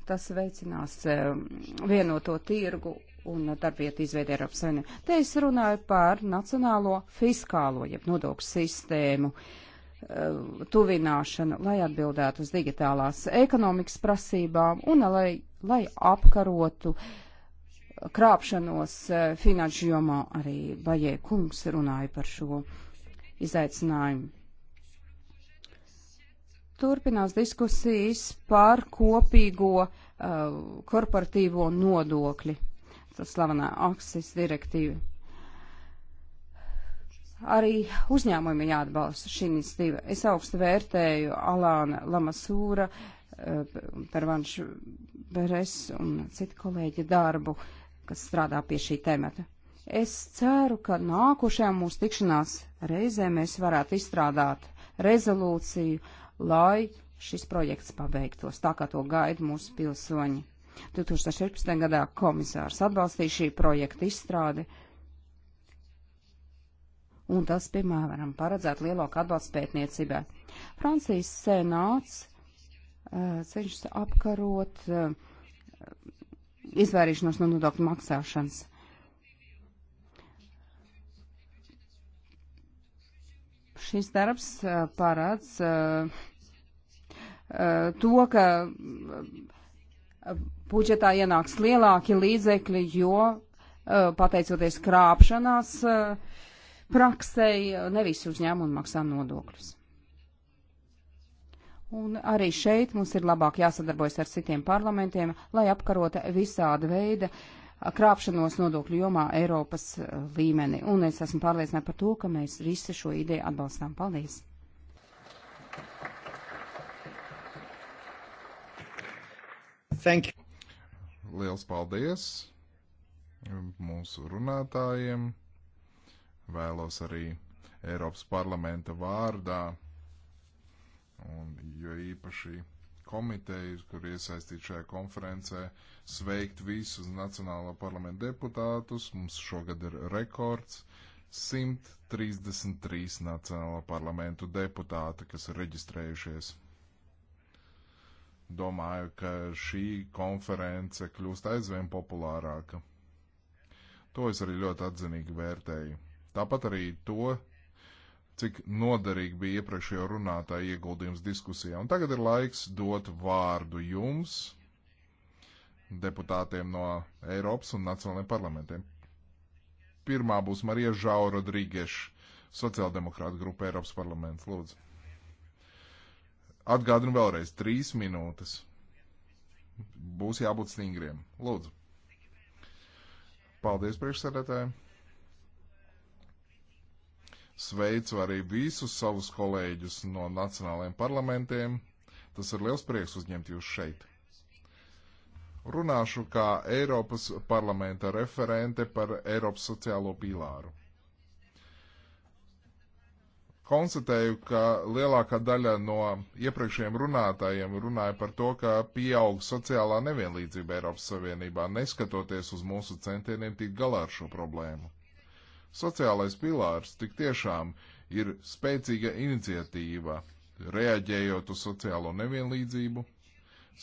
Tas veicinās eh, vienoto tirgu un darbvietu izveidu Eiropas Savienībā. Te es runāju par nacionālo fiskālo, jeb nodokļu sistēmu eh, tuvināšanu, lai atbildētu uz digitālās ekonomikas prasībām un lai, lai apkarotu krāpšanos eh, finanšu jomā. Arī Bajē kungs runāja par šo izaicinājumu turpinās diskusijas par kopīgo uh, korporatīvo nodokli, tas slavenā aksis direktīva. Arī uzņēmumi jāatbalsta šī iniciatīva. Es augstu vērtēju Alāna Lamasūra, uh, Pervanšu Beres un citu kolēģi darbu, kas strādā pie šī temata. Es ceru, ka nākošajā mūsu tikšanās reizē mēs varētu izstrādāt rezolūciju, uh, lai šis projekts pabeigtos, tā kā to gaida mūsu pilsoņi. 2016. gadā komisārs atbalstīja šī projekta izstrādi, un tas, piemēram, paredzētu lielāku atbalstu pētniecībai. Francijas senāts uh, cenšas apkarot uh, izvairīšanos no nodokļu maksāšanas. Šis darbs parāds to, ka budžetā ienāks lielāki līdzekļi, jo pateicoties krāpšanās praksei, ne visi uzņēmumi maksā nodokļus. Un arī šeit mums ir labāk jāsadarbojas ar citiem parlamentiem, lai apkarota visāda veida uh, krāpšanos nodokļu jomā Eiropas eh, līmeni. Un es esmu pārliecināta par to, ka mēs visi šo ideju atbalstām. Paldies! Thank you. Liels paldies um, mūsu runātājiem. Vēlos arī Eiropas parlamenta vārdā un jo īpaši komiteju, kur iesaistīt šajā konferencē, sveikt visus Nacionālo parlamentu deputātus. Mums šogad ir rekords 133 Nacionālo parlamentu deputāti, kas ir reģistrējušies. Domāju, ka šī konference kļūst aizvien populārāka. To es arī ļoti atzinīgi vērtēju. Tāpat arī to, cik noderīgi bija iepriekšējo runātāju ieguldījums diskusijā. Un tagad ir laiks dot vārdu jums, deputātiem no Eiropas un Nacionālajiem parlamentiem. Pirmā būs Marija Žau Rodrīgeša, sociāldemokrāta grupa Eiropas parlaments. Lūdzu. Atgādinu vēlreiz, trīs minūtes. Būs jābūt stingriem. Lūdzu. Paldies priekšsēdētājiem. Sveicu arī visus savus kolēģus no nacionālajiem parlamentiem. Tas ir liels prieks uzņemt jūs šeit. Runāšu kā Eiropas parlamenta referente par Eiropas sociālo pīlāru konstatēju, ka lielākā daļa no iepriekšējiem runātājiem runāja par to, ka pieaug sociālā nevienlīdzība Eiropas Savienībā, neskatoties uz mūsu centieniem tikt galā ar šo problēmu. Sociālais pilārs tik tiešām ir spēcīga iniciatīva, reaģējot uz sociālo nevienlīdzību,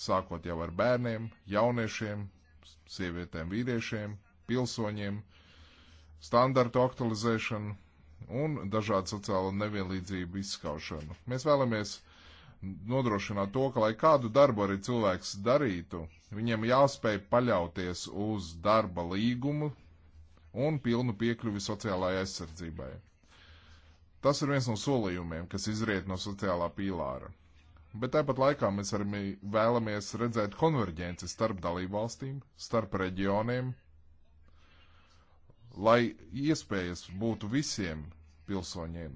sākot jau ar bērniem, jauniešiem, sievietēm, vīriešiem, pilsoņiem, standartu aktualizēšanu un dažādu sociālo nevienlīdzību izskaušanu. Mēs vēlamies nodrošināt to, ka lai kādu darbu arī cilvēks darītu, viņam jāspēj paļauties uz darba līgumu, un pilnu piekļuvi sociālajai aizsardzībai. Tas ir viens no solījumiem, kas izriet no sociālā pīlāra. Bet tāpat laikā mēs arī vēlamies redzēt konverģenci starp dalībvalstīm, starp reģioniem, lai iespējas būtu visiem pilsoņiem.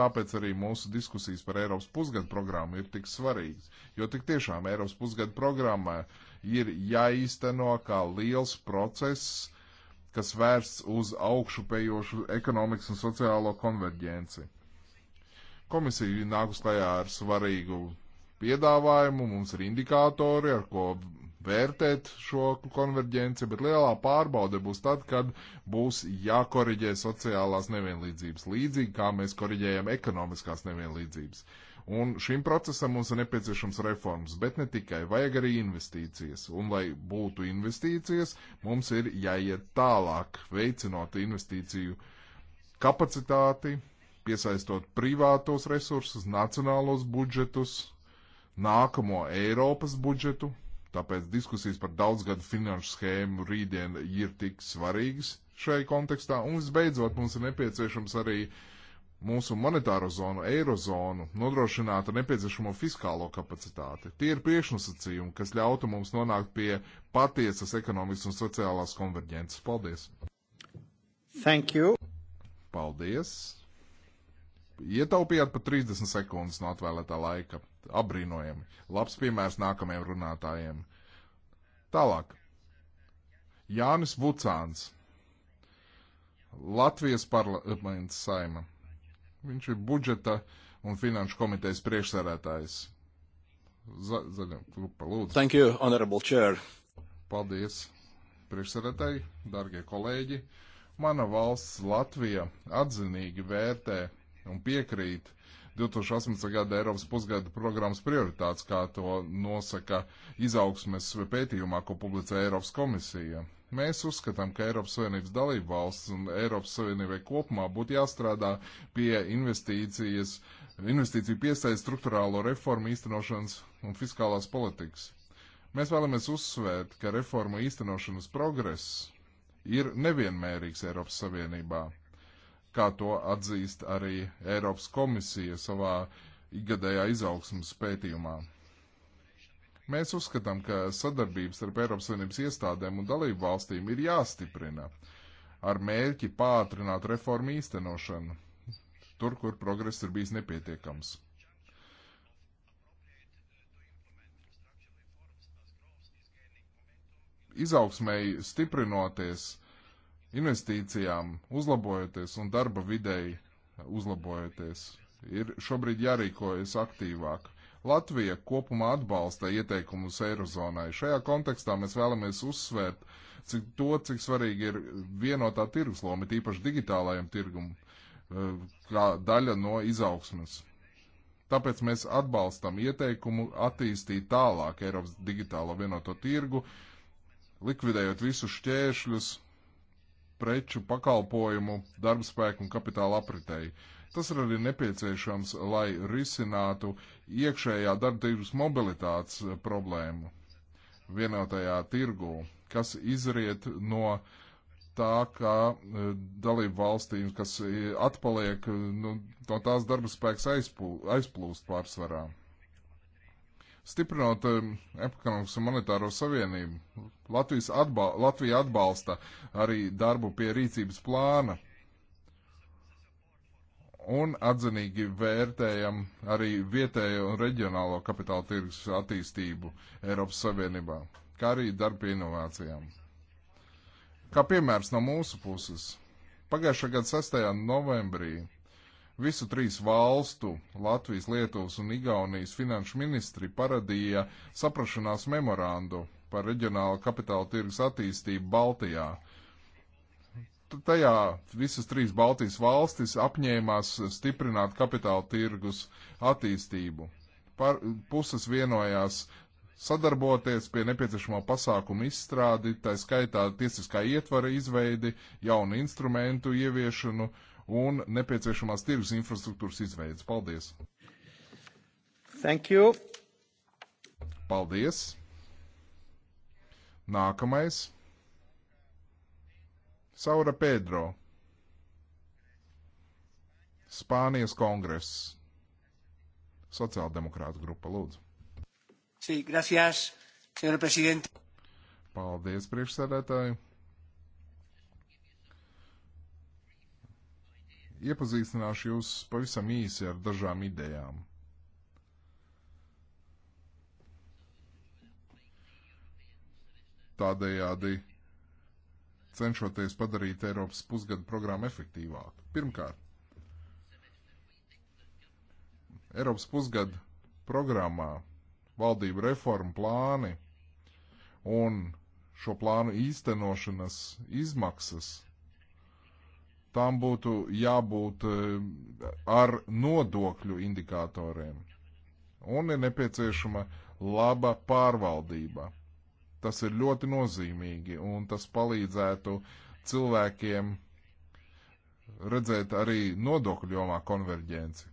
Tāpēc arī mūsu diskusijas par Eiropas pusgadu programmu ir tik svarīgas, jo tik tiešām Eiropas pusgadu programmā ir jāīsteno kā liels process kas vērsts uz augšupējošu ekonomikas un sociālo konverģenci. Komisija nāk uz klajā ar svarīgu piedāvājumu, mums ir indikātori, ar ko vērtēt šo konverģenci, bet lielā pārbaude būs tad, kad būs jākoriģē sociālās nevienlīdzības, līdzīgi kā mēs koriģējam ekonomiskās nevienlīdzības. Un šim procesam mums ir nepieciešams reformas, bet ne tikai, vajag arī investīcijas. Un, lai būtu investīcijas, mums ir jāiet tālāk, veicinot investīciju kapacitāti, piesaistot privātos resursus, nacionālos budžetus, nākamo Eiropas budžetu. Tāpēc diskusijas par daudzgadu finanšu schēmu rītdien ir tik svarīgas šai kontekstā. Un visbeidzot, mums ir nepieciešams arī uh, mūsu monetāro zonu, eirozonu, nodrošinātu nepieciešamo fiskālo kapacitāti. Tie ir priekšnosacījumi, kas ļautu mums nonākt pie patiesas ekonomikas un sociālās konverģences. Paldies! Thank you! Paldies! Ietaupījāt pa 30 sekundes no atvēlētā laika. Abrīnojami. Labs piemērs nākamajiem runātājiem. Tālāk. Jānis Vucāns. Latvijas parlaments saima. Viņš ir budžeta un finanšu komitejas priekšsēdētājs. Za, zaļam, grupa, lūdzu. Thank you, honorable chair. Paldies, priekšsēdētāji, dargie kolēģi. Mana valsts Latvija atzinīgi vērtē un piekrīt 2018. gada Eiropas pusgada programmas prioritātes, kā to nosaka izaugsmes pētījumā, ko publicē Eiropas komisija. Mēs uzskatām, ka Eiropas Savienības dalību valsts un Eiropas Savienībai kopumā būtu jāstrādā pie investīcijas, investīciju piesaist struktūrālo reformu īstenošanas un fiskālās politikas. Mēs vēlamies uzsvērt, ka reformu īstenošanas progress ir nevienmērīgs Eiropas Savienībā, kā to atzīst arī Eiropas komisija savā ikgadējā izaugsmas pētījumā. Mēs uzskatām, ka sadarbības starp Eiropas Savienības iestādēm un dalību valstīm ir jāstiprina ar mērķi pātrināt reformu īstenošanu, tur, kur progress ir bijis nepietiekams. Izaugsmēji stiprinoties, investīcijām uzlabojoties un darba videi uzlabojoties, ir šobrīd jārīkojas aktīvāk. Latvija kopumā atbalsta ieteikumus Eirozonai. Šajā kontekstā mēs vēlamies uzsvērt cik, to, cik svarīgi ir vienotā tirgus loma, tīpaši digitālajiem tirgumam, eh, kā daļa no izaugsmas. Tāpēc mēs atbalstam ieteikumu attīstīt tālāk Eiropas digitālo vienoto tirgu, likvidējot visus šķēršļus, preču, pakalpojumu, darba spēku un kapitāla apritēju. Tas ir arī nepieciešams, lai risinātu iekšējā darba tirgus mobilitātes problēmu vienotajā tirgū, kas izriet no tā, ka e, dalību valstīm, kas e, atpaliek, e, nu, no tās darba spēks aizplūst pārsvarā. Stiprinot ekonomikas un monetāro savienību, Latvijas atba Latvija atbalsta arī darbu pie rīcības plāna un atzinīgi vērtējam arī vietējo un reģionālo kapitāla tirgus attīstību Eiropas Savienībā, kā arī darbu pie inovācijām. Kā piemērs no mūsu puses, pagājušā gada 6. novembrī visu trīs valstu - Latvijas, Lietuvas un Igaunijas finanšu ministri paradīja saprašanās memorandu par reģionālu kapitāla tirgus attīstību Baltijā tajā visas trīs Baltijas valstis apņēmās stiprināt kapitāla tirgus attīstību. Par, puses vienojās sadarboties pie nepieciešamo pasākumu izstrādi, tā skaitā tiesiskā ietvara izveidi, jaunu instrumentu ieviešanu un nepieciešamās tirgus infrastruktūras izveidas. Paldies! Thank you! Paldies! Nākamais! Saura Pedro. Spānijas kongress. Sociāldemokrāta grupa, lūdzu. Sí, gracias, señor presidente. Paldies, priekšsēdētāji. Iepazīstināšu jūs pavisam īsi ar dažām idejām. Tādējādi cenšoties padarīt Eiropas pusgada programmu efektīvāku. Pirmkārt, Eiropas pusgada programmā valdību reformu plāni un šo plānu īstenošanas izmaksas, tām būtu jābūt eh, ar nodokļu indikatoriem. Un ir nepieciešama laba pārvaldība. Tas ir ļoti nozīmīgi un tas palīdzētu cilvēkiem redzēt arī nodokļu jomā konverģenci.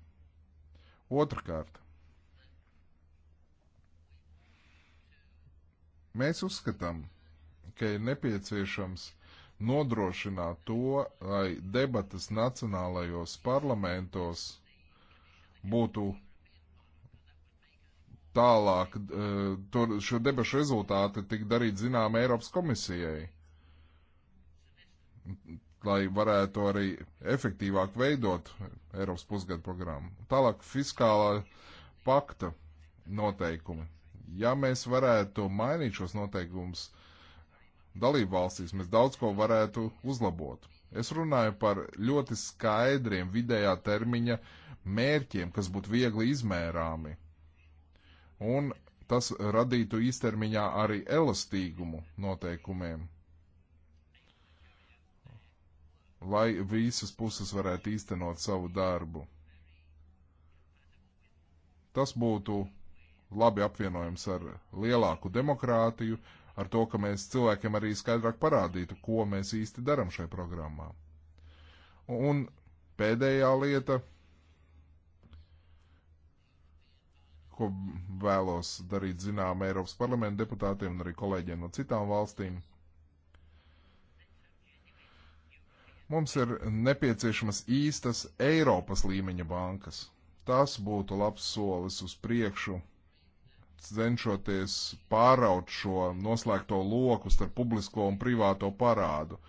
Otrakārt, mēs uzskatām, ka ir nepieciešams nodrošināt to, lai debatas nacionālajos parlamentos būtu tālāk eh, to, šo debašu rezultāti tika darīt zinām Eiropas komisijai, lai varētu arī efektīvāk veidot Eiropas pusgadu programmu. Tālāk fiskālā pakta noteikumi. Ja mēs varētu mainīt šos noteikumus dalību valstīs, mēs daudz ko varētu uzlabot. Es runāju par ļoti skaidriem vidējā termiņa mērķiem, kas būtu viegli izmērāmi un tas radītu īstermiņā arī elastīgumu noteikumiem, lai visas puses varētu īstenot savu darbu. Tas būtu labi apvienojams ar lielāku demokrātiju, ar to, ka mēs cilvēkiem arī skaidrāk parādītu, ko mēs īsti daram šai programmā. Un pēdējā lieta ko vēlos darīt zinām Eiropas parlamenta deputātiem un arī kolēģiem no citām valstīm. Mums ir nepieciešamas īstas Eiropas līmeņa bankas. Tas būtu labs solis uz priekšu, cenšoties pāraut šo noslēgto loku starp publisko un privāto parādu.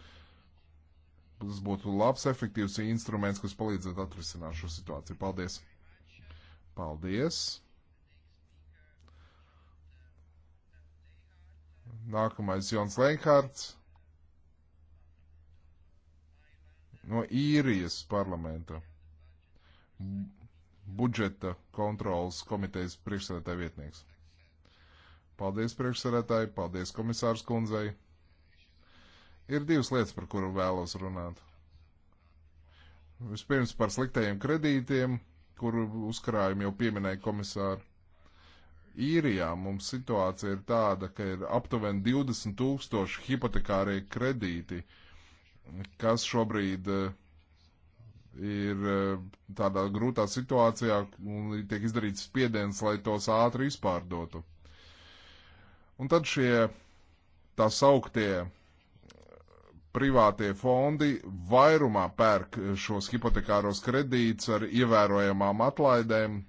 Tas būtu labs, efektīvs instruments, kas palīdzētu atrisināt šo situāciju. Paldies! Paldies! Nākamais Jons Lenkārts no īrijas parlamenta budžeta kontrolas komitejas priekšsēdētāja vietnieks. Paldies priekšsēdētāji, paldies komisārs kundzei. Ir divas lietas, par kuru vēlos runāt. Vispirms par sliktajiem kredītiem, kuru uzkrājumu jau pieminēja komisāri īrijā mums situācija ir tāda, ka ir aptuveni 20 tūkstoši hipotekārie kredīti, kas šobrīd eh, ir eh, tādā grūtā situācijā un tiek izdarīts spiediens, lai tos ātri izpārdotu. Un tad šie tā sauktie eh, privātie fondi vairumā pērk šos hipotekāros kredītus ar ievērojamām atlaidēm,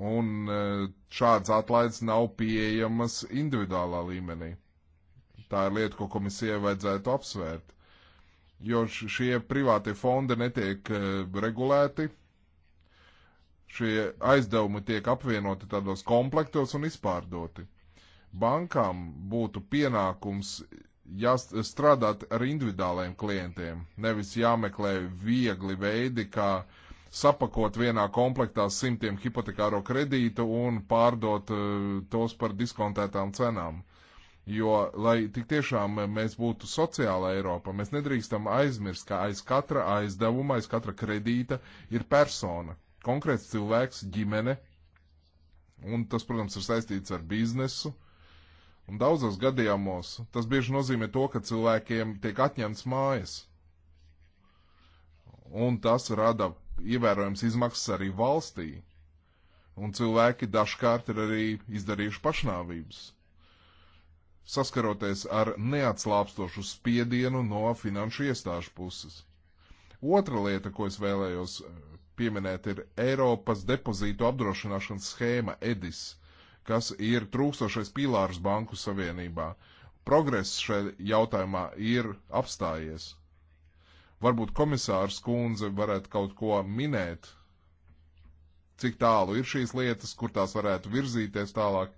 Un e, šādas atlaides nav pieejamas individuālā līmenī. Tā ir lieta, ko komisijai vajadzētu apsvērt. Jo šie privātie fondi netiek e, regulēti, šie aizdevumi tiek apvienoti tādos komplektos un izpārdoti. Bankām būtu pienākums strādāt ar individuāliem klientiem, nevis jāmeklē viegli veidi, kā uh, sapakot vienā komplektā simtiem hipotekāro kredītu un pārdot eh, tos par diskontētām cenām. Jo, lai tik tiešām mēs būtu sociāla Eiropa, mēs nedrīkstam aizmirst, ka aiz katra aizdevuma, aiz katra kredīta ir persona, konkrēts cilvēks, ģimene, un tas, protams, ir saistīts ar biznesu, Un daudzos gadījumos tas bieži nozīmē to, ka cilvēkiem tiek atņemts mājas. Un tas rada ievērojams izmaksas arī valstī, un cilvēki dažkārt ir arī izdarījuši pašnāvības, saskaroties ar neatslāpstošu spiedienu no finanšu iestāžu puses. Otra lieta, ko es vēlējos eh, pieminēt, ir Eiropas depozītu apdrošināšanas schēma EDIS, kas ir trūkstošais pīlārs Banku Savienībā. Progress šajā jautājumā ir apstājies Varbūt komisārs kundze varētu kaut ko minēt, cik tālu ir šīs lietas, kur tās varētu virzīties tālāk.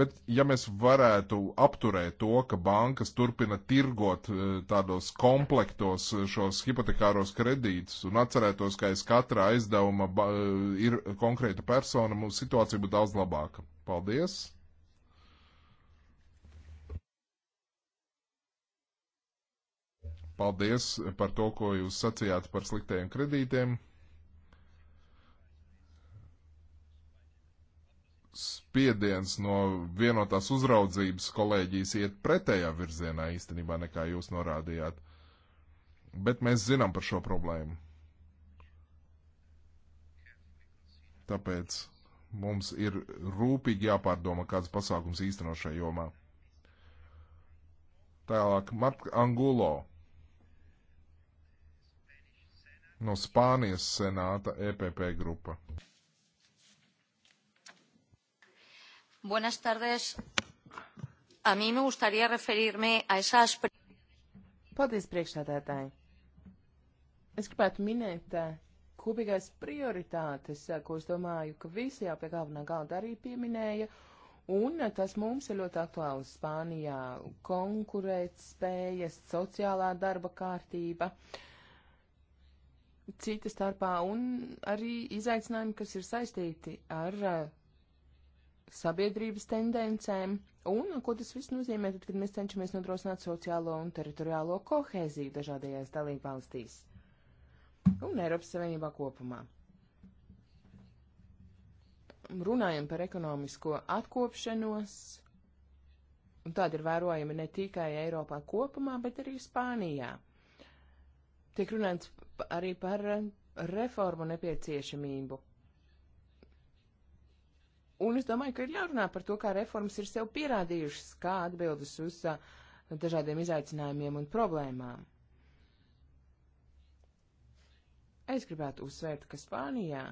Bet, ja mēs varētu apturēt to, ka bankas turpina tirgot eh, tādos komplektos eh, šos hipotekāros kredītus un atcerētos, ka aiz katra aizdevuma eh, ir konkrēta persona, mūsu situācija būtu daudz labāka. Paldies! Paldies par to, ko jūs sacījāt par sliktajiem kredītiem. spiediens no vienotās uzraudzības kolēģijas iet pretējā virzienā īstenībā nekā jūs norādījāt. Bet mēs zinām par šo problēmu. Tāpēc mums ir rūpīgi jāpārdoma, kāds pasākums īsteno šajā jomā. Tālāk, Mark Angulo no Spānijas senāta EPP grupa. Buenas tardes. A mí me gustaría referirme a esas... Paldies, priekšstādātāji. Es gribētu minēt eh, kopīgais prioritātes, eh, ko es domāju, ka visi jau pie galvenā galda arī pieminēja, un eh, tas mums ir ļoti aktuāls Spānijā - konkurēt spējas, sociālā darba kārtība. Uh, cita starpā, un arī izaicinājumi, kas ir saistīti ar uh, sabiedrības tendencēm, un ko tas viss nozīmē, tad, kad mēs cenšamies nodrošināt sociālo un teritoriālo kohēziju dažādajās dalībvalstīs un Eiropas Savienībā kopumā. Runājam par ekonomisko atkopšanos, un tāda ir vērojama ne tikai Eiropā kopumā, bet arī Spānijā. Tiek runāts arī par eh, reformu nepieciešamību. Un es domāju, ka ir jārunā par to, kā reformas ir sev pierādījušas, kā atbildes uz uh, dažādiem izaicinājumiem un problēmām. Es gribētu uzsvērt, ka Spānijā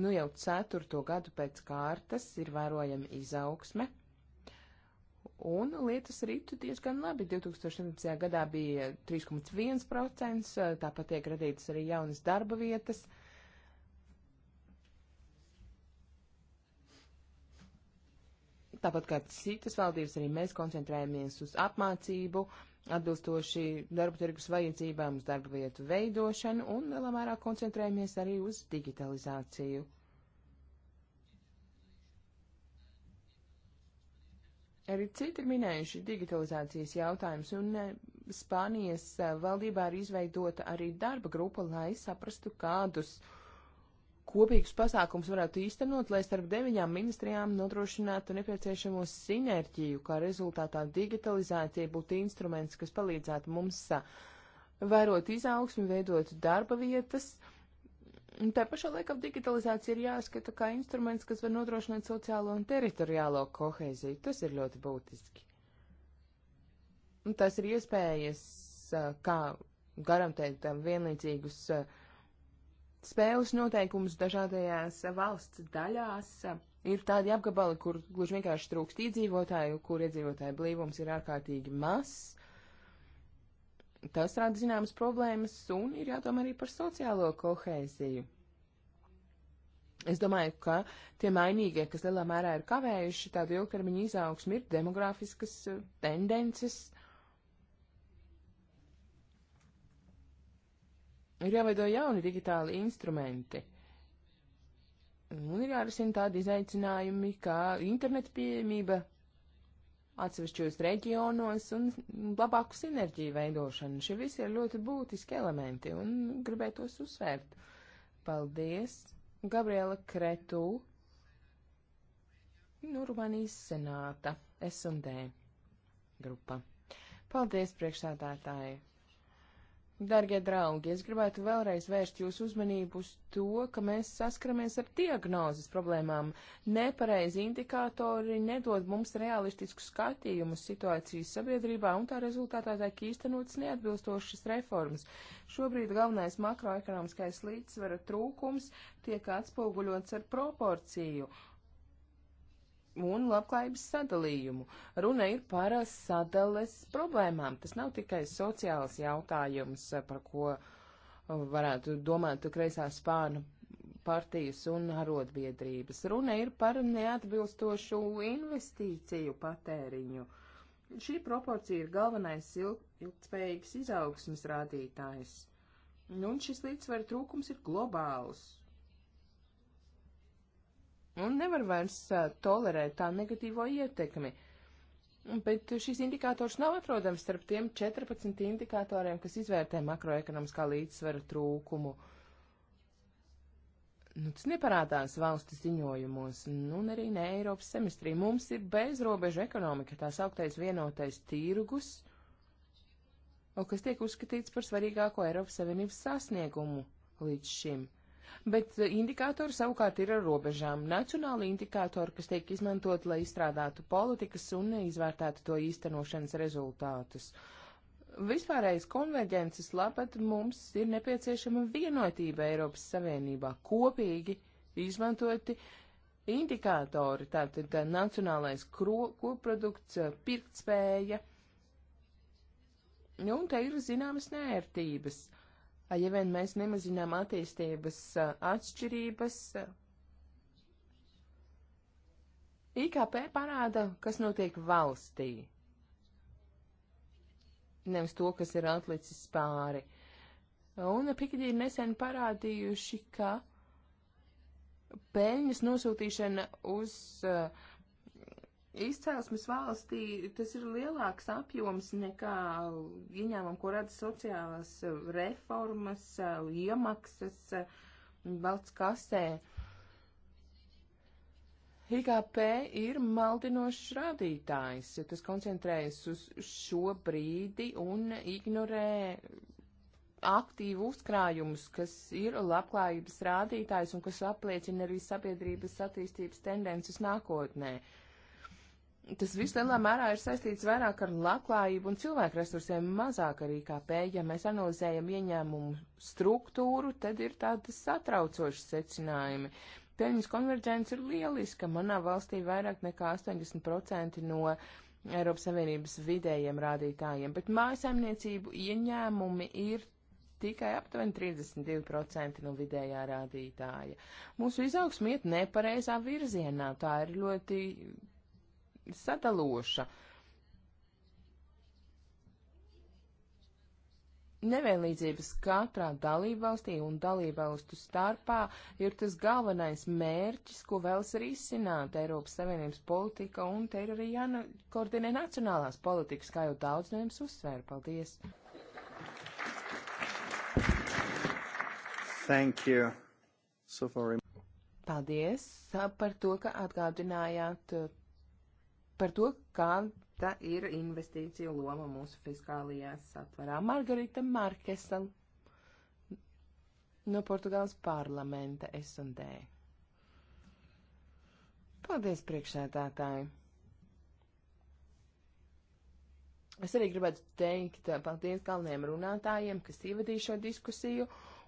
nu jau ceturto gadu pēc kārtas ir vērojama izaugsme – Un lietas ritu diezgan labi. 2017. gadā bija 3,1%, tāpat tiek radītas arī jaunas darba vietas. Tāpat kā citas valdības, arī mēs koncentrējamies uz apmācību, atbilstoši darba tirgus vajadzībām, uz darba vietu veidošanu un lielā mērā koncentrējamies arī uz digitalizāciju. Arī citi ir minējuši digitalizācijas jautājumus, un eh, Spānijas eh, valdībā ir izveidota arī darba grupa, lai saprastu, kādus kopīgus pasākums varētu īstenot, lai starp deviņām ministrijām nodrošinātu nepieciešamo sinerģiju, kā rezultātā digitalizācija būtu instruments, kas palīdzētu mums eh, vērot izaugsmi, veidot darba vietas, uh, Tā pašā laikā digitalizācija ir jāskata kā instruments, kas var nodrošināt sociālo un teritoriālo koheiziju. Tas ir ļoti būtiski. Un tas ir iespējas, kā garantēt vienlīdzīgus spēles noteikumus dažādajās valsts daļās. Ir tādi apgabali, kur gluži vienkārši trūkst iedzīvotāju, kur iedzīvotāju blīvums ir ārkārtīgi mazs tas rada zināmas problēmas un ir jādomā arī par sociālo kohēziju. Es domāju, ka tie mainīgie, kas lielā mērā ir kavējuši tādu ilgtermiņu izaugsmu, ir demografiskas eh, tendences. Ir jāveido jauni digitāli instrumenti. Un ir jārisina tādi izaicinājumi kā interneta pieejamība, atsevišķos reģionos un labāku sinerģiju veidošanu. Šie visi ir ļoti būtiski elementi un gribētos uzsvērt. Paldies, Gabriela Kretu, no Rumānijas senāta, S&D grupa. Paldies, priekšsādātāji! Dargie draugi, es gribētu vēlreiz vērst jūsu uzmanību uz to, ka mēs saskaramies ar diagnozes problēmām. Nepareizi indikātori nedod mums realistisku skatījumu situācijas sabiedrībā, un tā rezultātā tiek īstenotas neatbilstošas reformas. Šobrīd galvenais makroekonomiskais līdzsvara trūkums tiek atspoguļots ar proporciju. Uh, un labklājības sadalījumu. Runa ir par sadales problēmām. Tas nav tikai sociāls jautājums, par ko uh, varētu domāt kreisā spārna partijas un arotbiedrības. Runa ir par neatbilstošu investīciju patēriņu. Šī proporcija ir galvenais ilgspējīgs izaugsmas rādītājs. Nu, un šis līdzsver trūkums ir globāls un nevar vairs uh, tolerēt tā negatīvo ietekmi. Bet šis indikators nav atrodams starp tiem 14 indikatoriem, kas izvērtē makroekonomiskā līdzsvera trūkumu. Nu, tas neparādās valstu ziņojumos, nu, un arī ne Eiropas semestrī. Mums ir bezrobeža ekonomika, tā sauktais vienotais tirgus, kas tiek uzskatīts par svarīgāko Eiropas Savienības sasniegumu līdz šim bet indikātori savukārt ir ar robežām. Nacionāli indikātori, kas tiek izmantot, lai izstrādātu politikas un izvērtētu to īstenošanas rezultātus. Vispārējais konverģences labad mums ir nepieciešama vienotība Eiropas Savienībā, kopīgi izmantoti indikātori, tātad tā, eh, nacionālais kro, koprodukts, eh, pirktspēja, nu, un te ir zināmas nērtības ja vien mēs nemazinām attīstības atšķirības, IKP parāda, kas notiek valstī, nevis to, kas ir atlicis pāri. Un Pikadī ir nesen parādījuši, ka peļņas nosūtīšana uz uh, izcelsmes valstī tas ir lielāks apjoms nekā ieņēmumu, ko rada sociālās reformas, iemaksas valsts kasē. IKP ir maldinošs rādītājs. Tas koncentrējas uz šo brīdi un ignorē aktīvu uzkrājumus, kas ir labklājības rādītājs un kas apliecina arī sabiedrības attīstības tendences nākotnē. Uh, Tas viss lielā mērā ir saistīts vairāk ar labklājību un cilvēku resursiem, mazāk ar IKP. Ja mēs analizējam ieņēmumu struktūru, tad ir tādas satraucošas secinājumi. Peļņas konverģence ir lieliska. Manā valstī vairāk nekā 80% no Eiropas Savienības vidējiem rādītājiem, bet mājasaimniecību ieņēmumi ir tikai aptuveni 32% no vidējā rādītāja. Mūsu izaugsmiet nepareizā virzienā. Tā ir ļoti sadaloša. Nevienlīdzības katrā dalībvalstī un dalībvalstu starpā ir tas galvenais mērķis, ko vēlas arī izsināt Eiropas Savienības politika, un te ir arī jākoordinē nacionālās politikas, kā jau daudz no jums uzsvēra. Paldies! Thank you. So for... Paldies par to, ka atgādinājāt par to, kāda ir investīciju loma mūsu fiskālajā satvarā. Margarita Markesa no Portugāles parlamenta S&D. Paldies, priekšsētātāji! Es arī gribētu teikt paldies galvenajiem runātājiem, kas ievadīja šo diskusiju,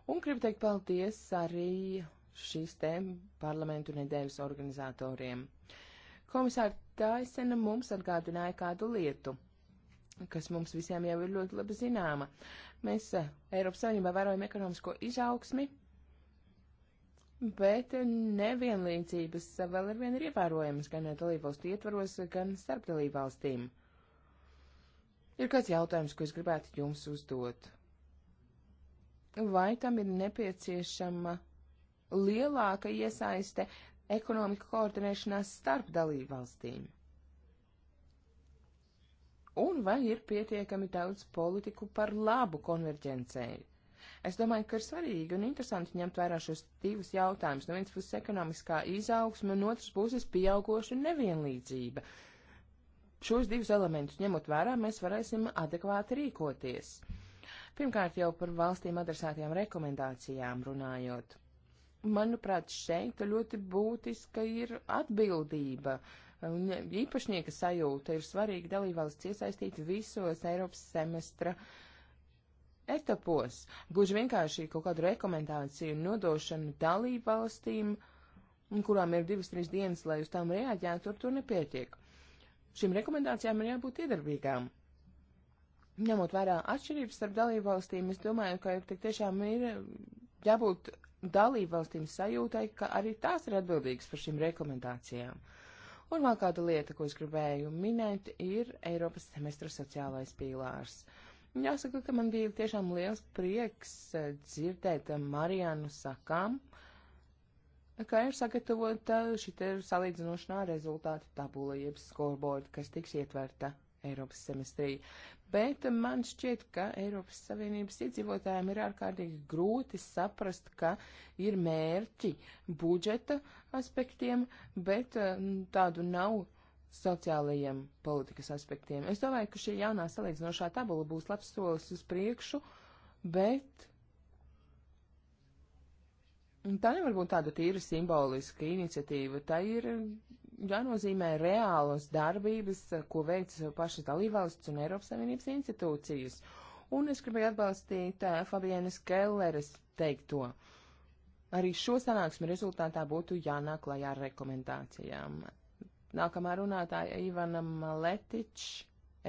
un gribu teikt paldies arī šīs te parlamentu nedēļas organizatoriem. Komisāri, Taisena mums atgādināja kādu lietu, kas mums visiem jau ir ļoti labi zināma. Mēs eh, Eiropas Savienībā vērojam ekonomisko izaugsmi, bet nevienlīdzības vēl ar vienu ir ievērojamas gan dalībvalstu ietvaros, gan starp dalībvalstīm. Ir kāds jautājums, ko es gribētu jums uzdot. Vai tam ir nepieciešama lielāka iesaiste ekonomika koordinēšanās starp dalību valstīm? Un vai ir pietiekami daudz politiku par labu konverģencēju? Es domāju, ka ir svarīgi un interesanti ņemt vērā šos divus jautājumus. No vienas puses ekonomiskā izaugsme, no otras puses pieaugoša nevienlīdzība. Šos divus elementus ņemot vērā, mēs varēsim adekvāti rīkoties. Pirmkārt jau par valstīm adresētajām rekomendācijām runājot manuprāt, šeit ļoti būtiska ir atbildība. Un īpašnieka sajūta ir svarīga dalībvalsts iesaistīt visos Eiropas semestra etapos. Gluži vienkārši kaut kādu rekomendāciju nodošanu dalībvalstīm, kurām ir divas, trīs dienas, lai uz tām reaģētu, ar to nepietiek. Šīm rekomendācijām ir jābūt iedarbīgām. Ņemot vērā atšķirības starp dalībvalstīm, es domāju, ka tiešām ir jābūt dalībvalstīm sajūtai, ka arī tās ir atbildīgas par šīm rekomendācijām. Un vēl kāda lieta, ko es gribēju minēt, ir Eiropas semestra sociālais pīlārs. Jāsaka, ka man bija tiešām liels prieks eh, dzirdēt eh, Marianu sakām, ka ir sagatavota šī salīdzinošanā rezultātu tabula, jeb scoreboard, kas tiks ietverta Eiropas semestrī. Bet man šķiet, ka Eiropas Savienības iedzīvotājiem ir ārkārtīgi grūti saprast, ka ir mērķi budžeta aspektiem, bet mm, tādu nav sociālajiem politikas aspektiem. Es domāju, ka šī jaunā salīdzinošā tabula būs labs solis uz priekšu, bet Tā nevar būt tāda tīra simboliska iniciatīva. Tā ir jānozīmē reālas darbības, ko veic pašas dalībvalsts un Eiropas Savienības institūcijas. Un es gribēju atbalstīt uh, eh, Fabienas Kelleres teikto. Arī šo sanāksmi rezultātā būtu jānāk klajā ar rekomendācijām. Nākamā runātāja Ivana Maletič,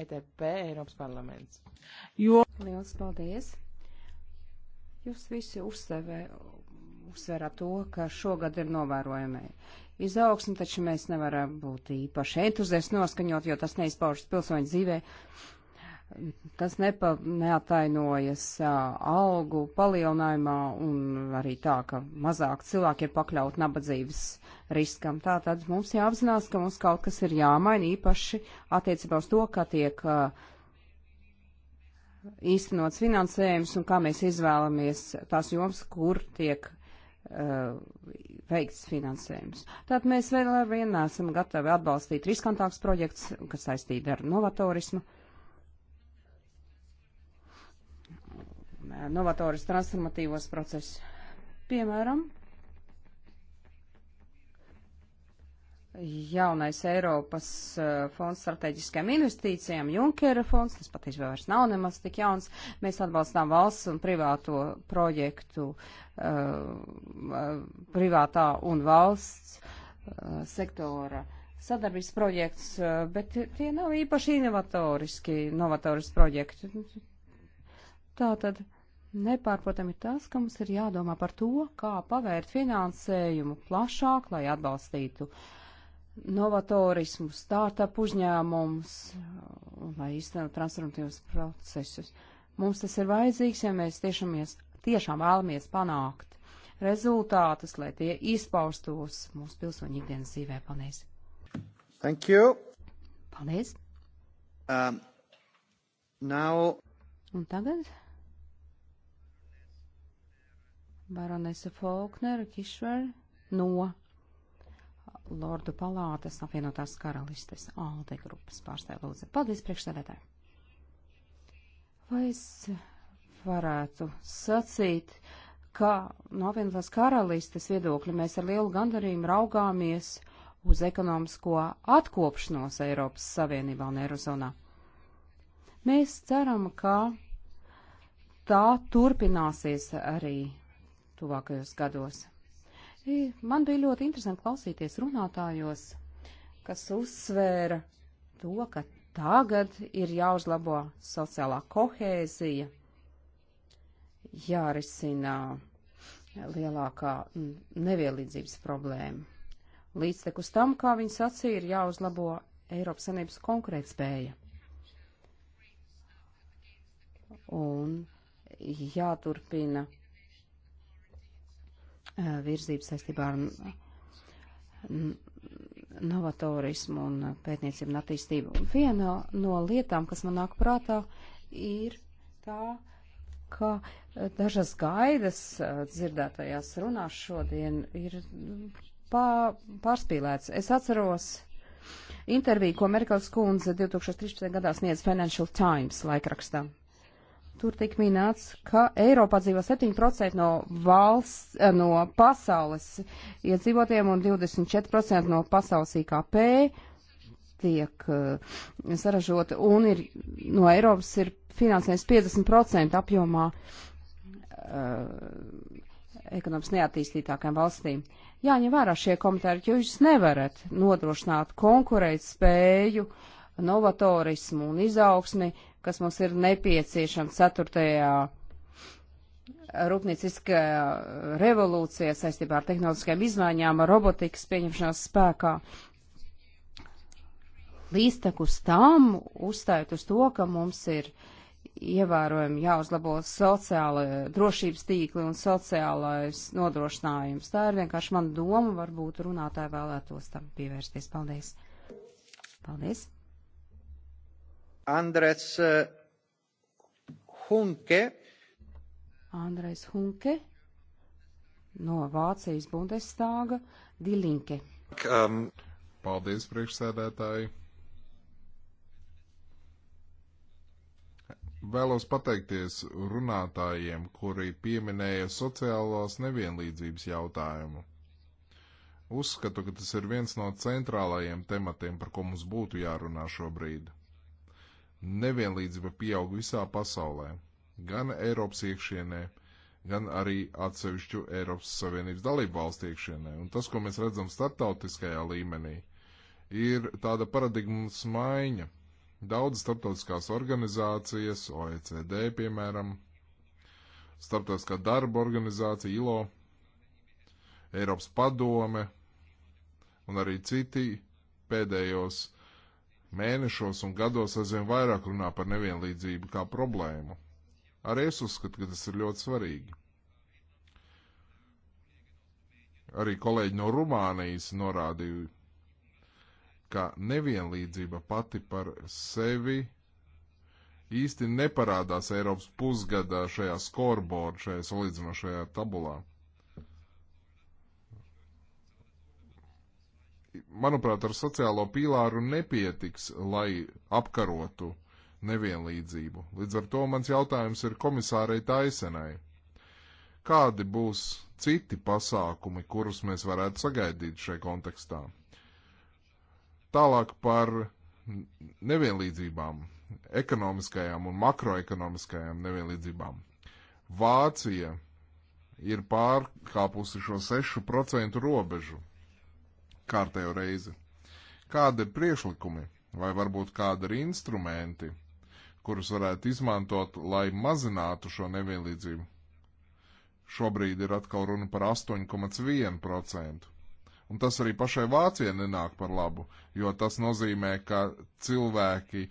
ETP, Eiropas parlaments. Jo. Liels paldies! Jūs visi uzsevē uzsver ap to, ka šogad ir novērojami izaugsmi, taču mēs nevaram būt īpaši entuziasti noskaņot, jo tas neizpaužas pilsoņu dzīvē. Tas nepa, neatainojas uh, algu palielinājumā un arī tā, ka mazāk cilvēki ir pakļaut nabadzības riskam. Tātad mums jāapzinās, ka mums kaut kas ir jāmaina īpaši attiecībā uz to, kā tiek uh, īstenots finansējums un kā mēs izvēlamies tās jomas, kur tiek uh, veikts finansējums. Tātad mēs vēl vien esam gatavi atbalstīt riskantāks projekts, kas saistīti ar novatorismu. Novatoris transformatīvos procesus. Piemēram, jaunais Eiropas uh, fonds strateģiskajām investīcijām, Junkera fonds, tas pat vairs nav nemaz tik jauns. Mēs atbalstām valsts un privāto projektu, uh, uh privātā un valsts uh, sektora sadarbības projekts, uh, bet tie nav īpaši inovatoriski, novatoriski projekti. Tātad nepārprotami ir tas, ka mums ir jādomā par to, kā pavērt finansējumu plašāk, lai atbalstītu uh, novatorismu, startup uzņēmumus, uh, lai īstenot transformatīvas procesus. Mums tas ir vajadzīgs, ja mēs tiešamies, tiešām vēlamies panākt rezultātus, lai tie izpaustos mūsu pilsoņu ikdienas dzīvē. Paldies! Thank you! Paldies! Um, now... Un tagad? Baronese Faulkner, Kišver, no Lordu palātas apvienotās karalistes ALDE grupas pārstāvja lūdzu. Paldies priekšsēdētāji. Vai es varētu sacīt, ka no apvienotās karalistes viedokļa mēs ar lielu gandarījumu raugāmies uz ekonomisko atkopšanos Eiropas Savienībā un Eirozonā. Mēs ceram, ka tā turpināsies arī tuvākajos gados. Man bija ļoti interesanti klausīties runātājos, kas uzsvēra to, ka tagad ir jāuzlabo sociālā kohēzija, jārisina lielākā nevienlīdzības problēma. Līdztekus tam, kā viņi sacīja, ir jāuzlabo Eiropas Sanības konkurētspēja. Un jāturpina virzību saistībā ar novatorismu un pētniecību un attīstību. Viena no lietām, kas man nāk prātā, ir tā, ka dažas gaidas dzirdētajās runās šodien ir pā, pārspīlēts. Es atceros interviju, ko Merkels kundze 2013. gadā sniedz Financial Times laikrakstā. Tur tik minēts, ka Eiropā dzīvo 7% no, valsts, eh, no pasaules iedzīvotiem un 24% no pasaules IKP tiek uh, eh, saražota un ir, no Eiropas ir finansējums 50% apjomā uh, ekonomiski neattīstītākajām valstīm. Jāņem vērā šie komentāri, jo jūs nevarat nodrošināt konkurēt spēju uh, novatorismu un izaugsmi, kas mums ir nepieciešama ceturtajā rūpnieciskajā revolūcijā saistībā ar tehnoloģiskajām izmaiņām, robotikas pieņemšanās spēkā. Līdztekus tam uzstājot uz to, ka mums ir ievērojami jāuzlabo sociāla drošības tīkli un sociālais nodrošinājums. Tā ir vienkārši mana doma, varbūt runātāji vēlētos tam pievērsties. Paldies! Paldies! Andres eh, Hunke. Andres Hunke no Vācijas Bundestāga Dilinke. Um. Paldies, priekšsēdētāji. Vēlos pateikties runātājiem, kuri pieminēja sociālās nevienlīdzības jautājumu. Uzskatu, ka tas ir viens no centrālajiem tematiem, par ko mums būtu jārunā šobrīd. Nevienlīdzība pieaug visā pasaulē, gan Eiropas iekšienē, gan arī atsevišķu Eiropas Savienības dalību valstu iekšienē. Un tas, ko mēs redzam starptautiskajā līmenī, ir tāda paradigmas maiņa. Daudz starptautiskās organizācijas, OECD piemēram, starptautiskā darba organizācija, ILO, Eiropas padome un arī citi pēdējos mēnešos un gados aizvien vairāk runā par nevienlīdzību kā problēmu. Arī es uzskatu, ka tas ir ļoti svarīgi. Arī kolēģi no Rumānijas norādīja, ka nevienlīdzība pati par sevi īsti neparādās Eiropas pusgadā šajā scoreboard, šajā salīdzinošajā tabulā. manuprāt, ar sociālo pīlāru nepietiks, lai apkarotu nevienlīdzību. Līdz ar to mans jautājums ir komisārei Taisenai. Kādi būs citi pasākumi, kurus mēs varētu sagaidīt šai kontekstā? Tālāk par nevienlīdzībām, ekonomiskajām un makroekonomiskajām nevienlīdzībām. Vācija ir pārkāpusi šo 6% robežu kārtējo reizi. Kādi ir priešlikumi vai varbūt kādi ir instrumenti, kurus varētu izmantot, lai mazinātu šo nevienlīdzību? Šobrīd ir atkal runa par 8,1%. Un tas arī pašai Vācijai nenāk par labu, jo tas nozīmē, ka cilvēki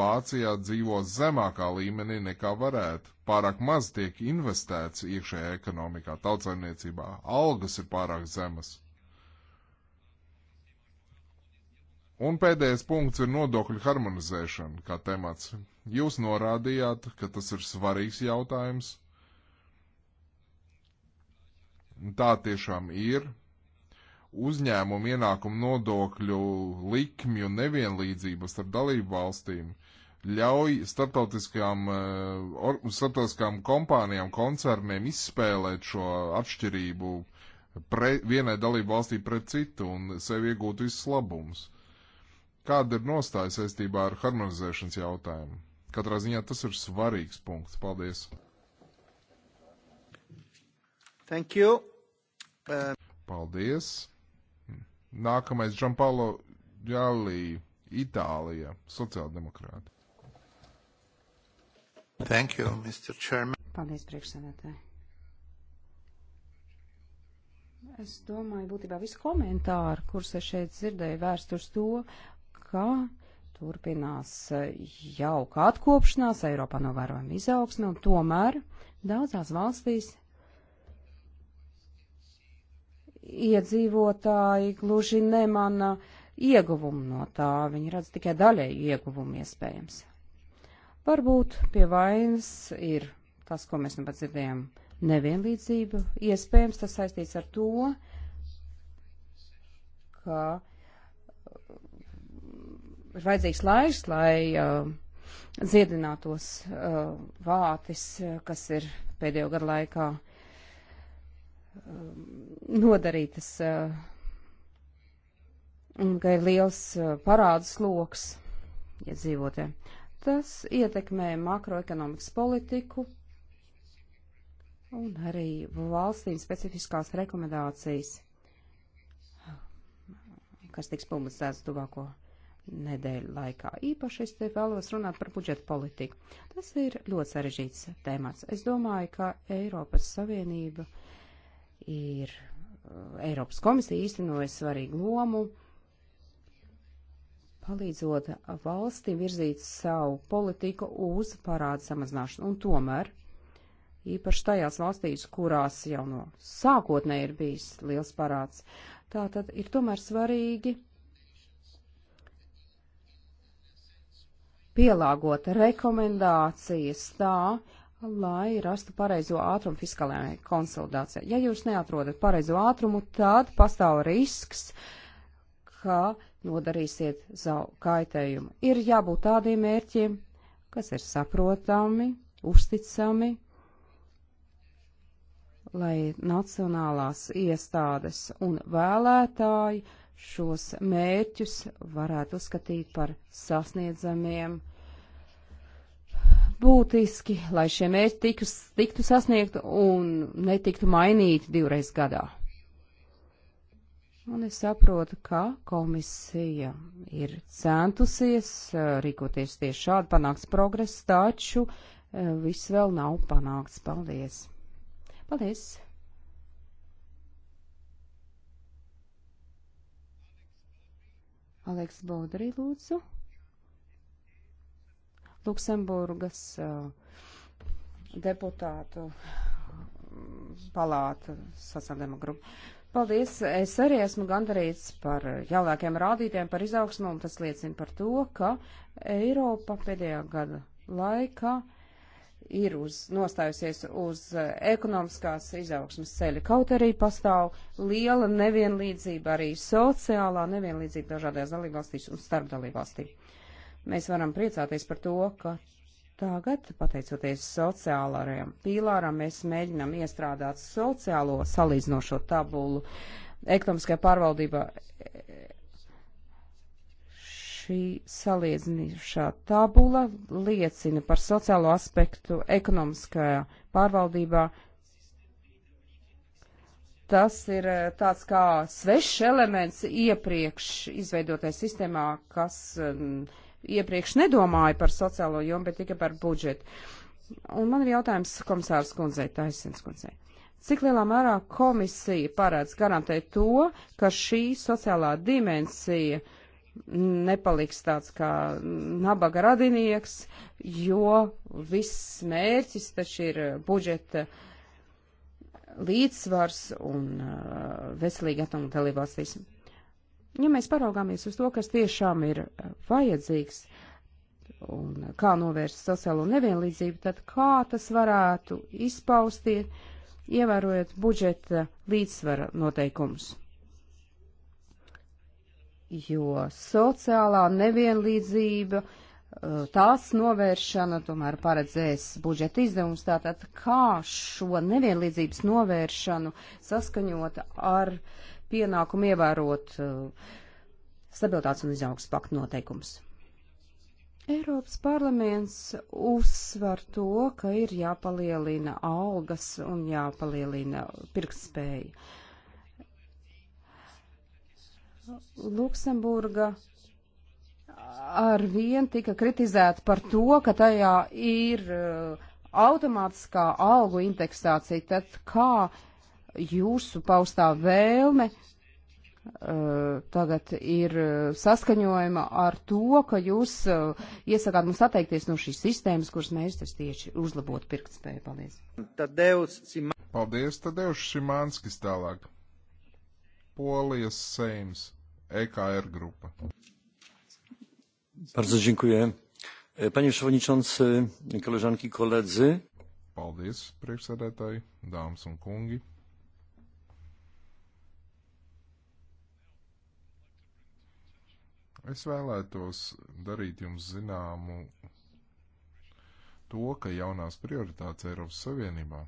Vācijā dzīvo zemākā līmenī nekā varētu. Pārāk maz tiek investēts iekšējā ekonomikā, tautsaimniecībā. Algas ir pārāk zemas. Un pēdējais punkts ir nodokļu harmonizēšana kā temats. Jūs norādījāt, ka tas ir svarīgs jautājums. Tā tiešām ir. Uzņēmumu ienākumu nodokļu likmju nevienlīdzības starp dalību valstīm ļauj starptautiskām, eh, or, starptautiskām kompānijām, koncerniem izspēlēt šo atšķirību pre, vienai dalību valstī pret citu un sev iegūt visus labumus. Kāda ir nostāja saistībā ar harmonizēšanas jautājumu? Katrā ziņā tas ir svarīgs punkts. Paldies! Thank you. Uh... Paldies! Nākamais Džampalo Jālī, Itālija, sociāldemokrāti. Thank you, Mr. Chairman. Paldies, priekšsēdētāji. Es domāju, būtībā visi komentāri, kurus es šeit dzirdēju, vērst uz to, ka turpinās eh, jauka atkopšanās, Eiropā novērojama izaugsme, un tomēr daudzās valstīs iedzīvotāji gluži nemana ieguvumu no tā, viņi redz tikai daļēju ieguvumu iespējams. Varbūt pie vainas ir tas, ko mēs nu pat dzirdējām, nevienlīdzība, iespējams tas saistīts ar to, ka ir vajadzīgs laiks, lai uh, dziedinātos uh, vātis, uh, kas ir pēdējo gadu laikā uh, nodarītas, uh, un ka ir liels uh, parādas loks iedzīvotēm. Ja Tas ietekmē makroekonomikas politiku un arī valstīm specifiskās rekomendācijas, kas tiks publicētas tuvāko nedēļu laikā. Īpaši es te vēlos runāt par budžeta politiku. Tas ir ļoti sarežģīts temats. Es domāju, ka Eiropas Savienība ir, uh, Eiropas komisija īstenoja svarīgu lomu, palīdzot valsti virzīt savu politiku uz parādu samazināšanu. Un tomēr, īpaši tajās valstīs, kurās jau no sākotnē ir bijis liels parāds, tā tad ir tomēr svarīgi pielāgot rekomendācijas tā, lai rastu pareizo ātrumu fiskālajai konsolidācijai. Ja jūs neatrodat pareizo ātrumu, tad pastāv risks, ka nodarīsiet savu kaitējumu. Ir jābūt tādiem mērķiem, kas ir saprotami, uzticami, lai nacionālās iestādes un vēlētāji šos mērķus varētu uzskatīt par sasniedzamiem būtiski, lai šie mērķi tikus, tiktu sasniegti un netiktu mainīti divreiz gadā. Un es saprotu, ka komisija ir centusies rīkoties tieši šādi, panāks progress, taču viss vēl nav panākts. Paldies! Paldies! Aleks Bodri, lūdzu. Luksemburgas uh, deputātu uh, palāta sasādēma grupa. Paldies! Es arī esmu gandarīts par jaunākiem rādītiem, par izaugsmu, un tas liecina par to, ka Eiropa pēdējā gada laikā ir uz, nostājusies uz eh, ekonomiskās izaugsmas ceļa. Kaut arī pastāv liela nevienlīdzība, arī sociālā nevienlīdzība dažādās dalībvalstīs un starp dalībvalstīm. Mēs varam priecāties par to, ka tagad, pateicoties sociālajiem pīlāram, mēs mēģinam iestrādāt sociālo salīdzinošo tabulu ekonomiskajā pārvaldībā Šī salīdzinošā tabula liecina par sociālo aspektu ekonomiskajā pārvaldībā. Tas ir eh, tāds kā svešs elements iepriekš izveidotai sistēmā, kas eh, iepriekš nedomāja par sociālo jomu, bet tikai par budžetu. Un man ir jautājums komisārs kundzei, taisnības kundzei. Cik lielā mērā komisija paredz garantēt to, ka šī sociālā dimensija uh, nepaliks tāds kā nabaga radinieks, jo viss mērķis taču ir budžeta līdzsvars un uh, veselīga atoma dalībvalstīs. Ja mēs paraugāmies uz to, kas tiešām ir uh, vajadzīgs un kā novērst sociālo nevienlīdzību, tad kā tas varētu izpausties, ievērojot budžeta līdzsvara noteikumus jo sociālā nevienlīdzība, uh, tās novēršana tomēr paredzēs budžeta izdevums, tātad kā šo nevienlīdzības novēršanu saskaņot ar pienākumu ievērot uh, stabilitātes un izaugs paktu noteikums. Eiropas parlaments uzsver to, ka ir jāpalielina algas un jāpalielina pirktspēja. Uh, Luksemburga ar vien tika kritizēta par to, ka tajā ir uh, automātiskā algu indeksācija. Tad kā jūsu paustā vēlme uh, tagad ir uh, saskaņojama ar to, ka jūs uh, iesakāt mums atteikties no šīs sistēmas, kuras mērķis tieši uzlabot pirktspēju? Paldies! Paldies, Tadeuš Simānskis tālāk! Polijas Seims, EKR grupa. Bardzo dziękuję. E, panie Przewodniczący, koleżanki, koledzy. Paldies, priekšsēdētāji, dāmas un kungi. Es vēlētos darīt jums zināmu to, ka jaunās prioritātes Eiropas Savienībā,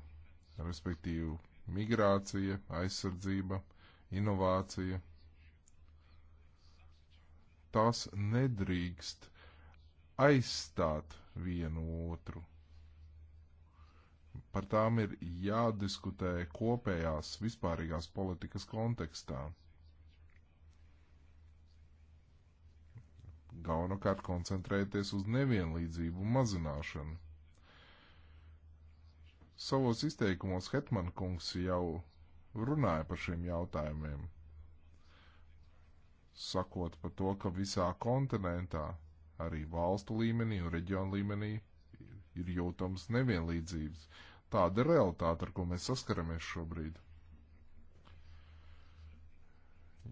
respektīvi migrācija, aizsardzība, inovācija. Tas nedrīkst aizstāt vienu otru. Par tām ir jādiskutē kopējās vispārīgās politikas kontekstā. Galvenokārt koncentrēties uz nevienlīdzību mazināšanu. Savos izteikumos Hetman kungs jau runāja par šiem jautājumiem, sakot par to, ka visā kontinentā, arī valstu līmenī un reģionu līmenī, ir jūtams nevienlīdzības. Tāda ir realitāte, ar ko mēs saskaramies šobrīd.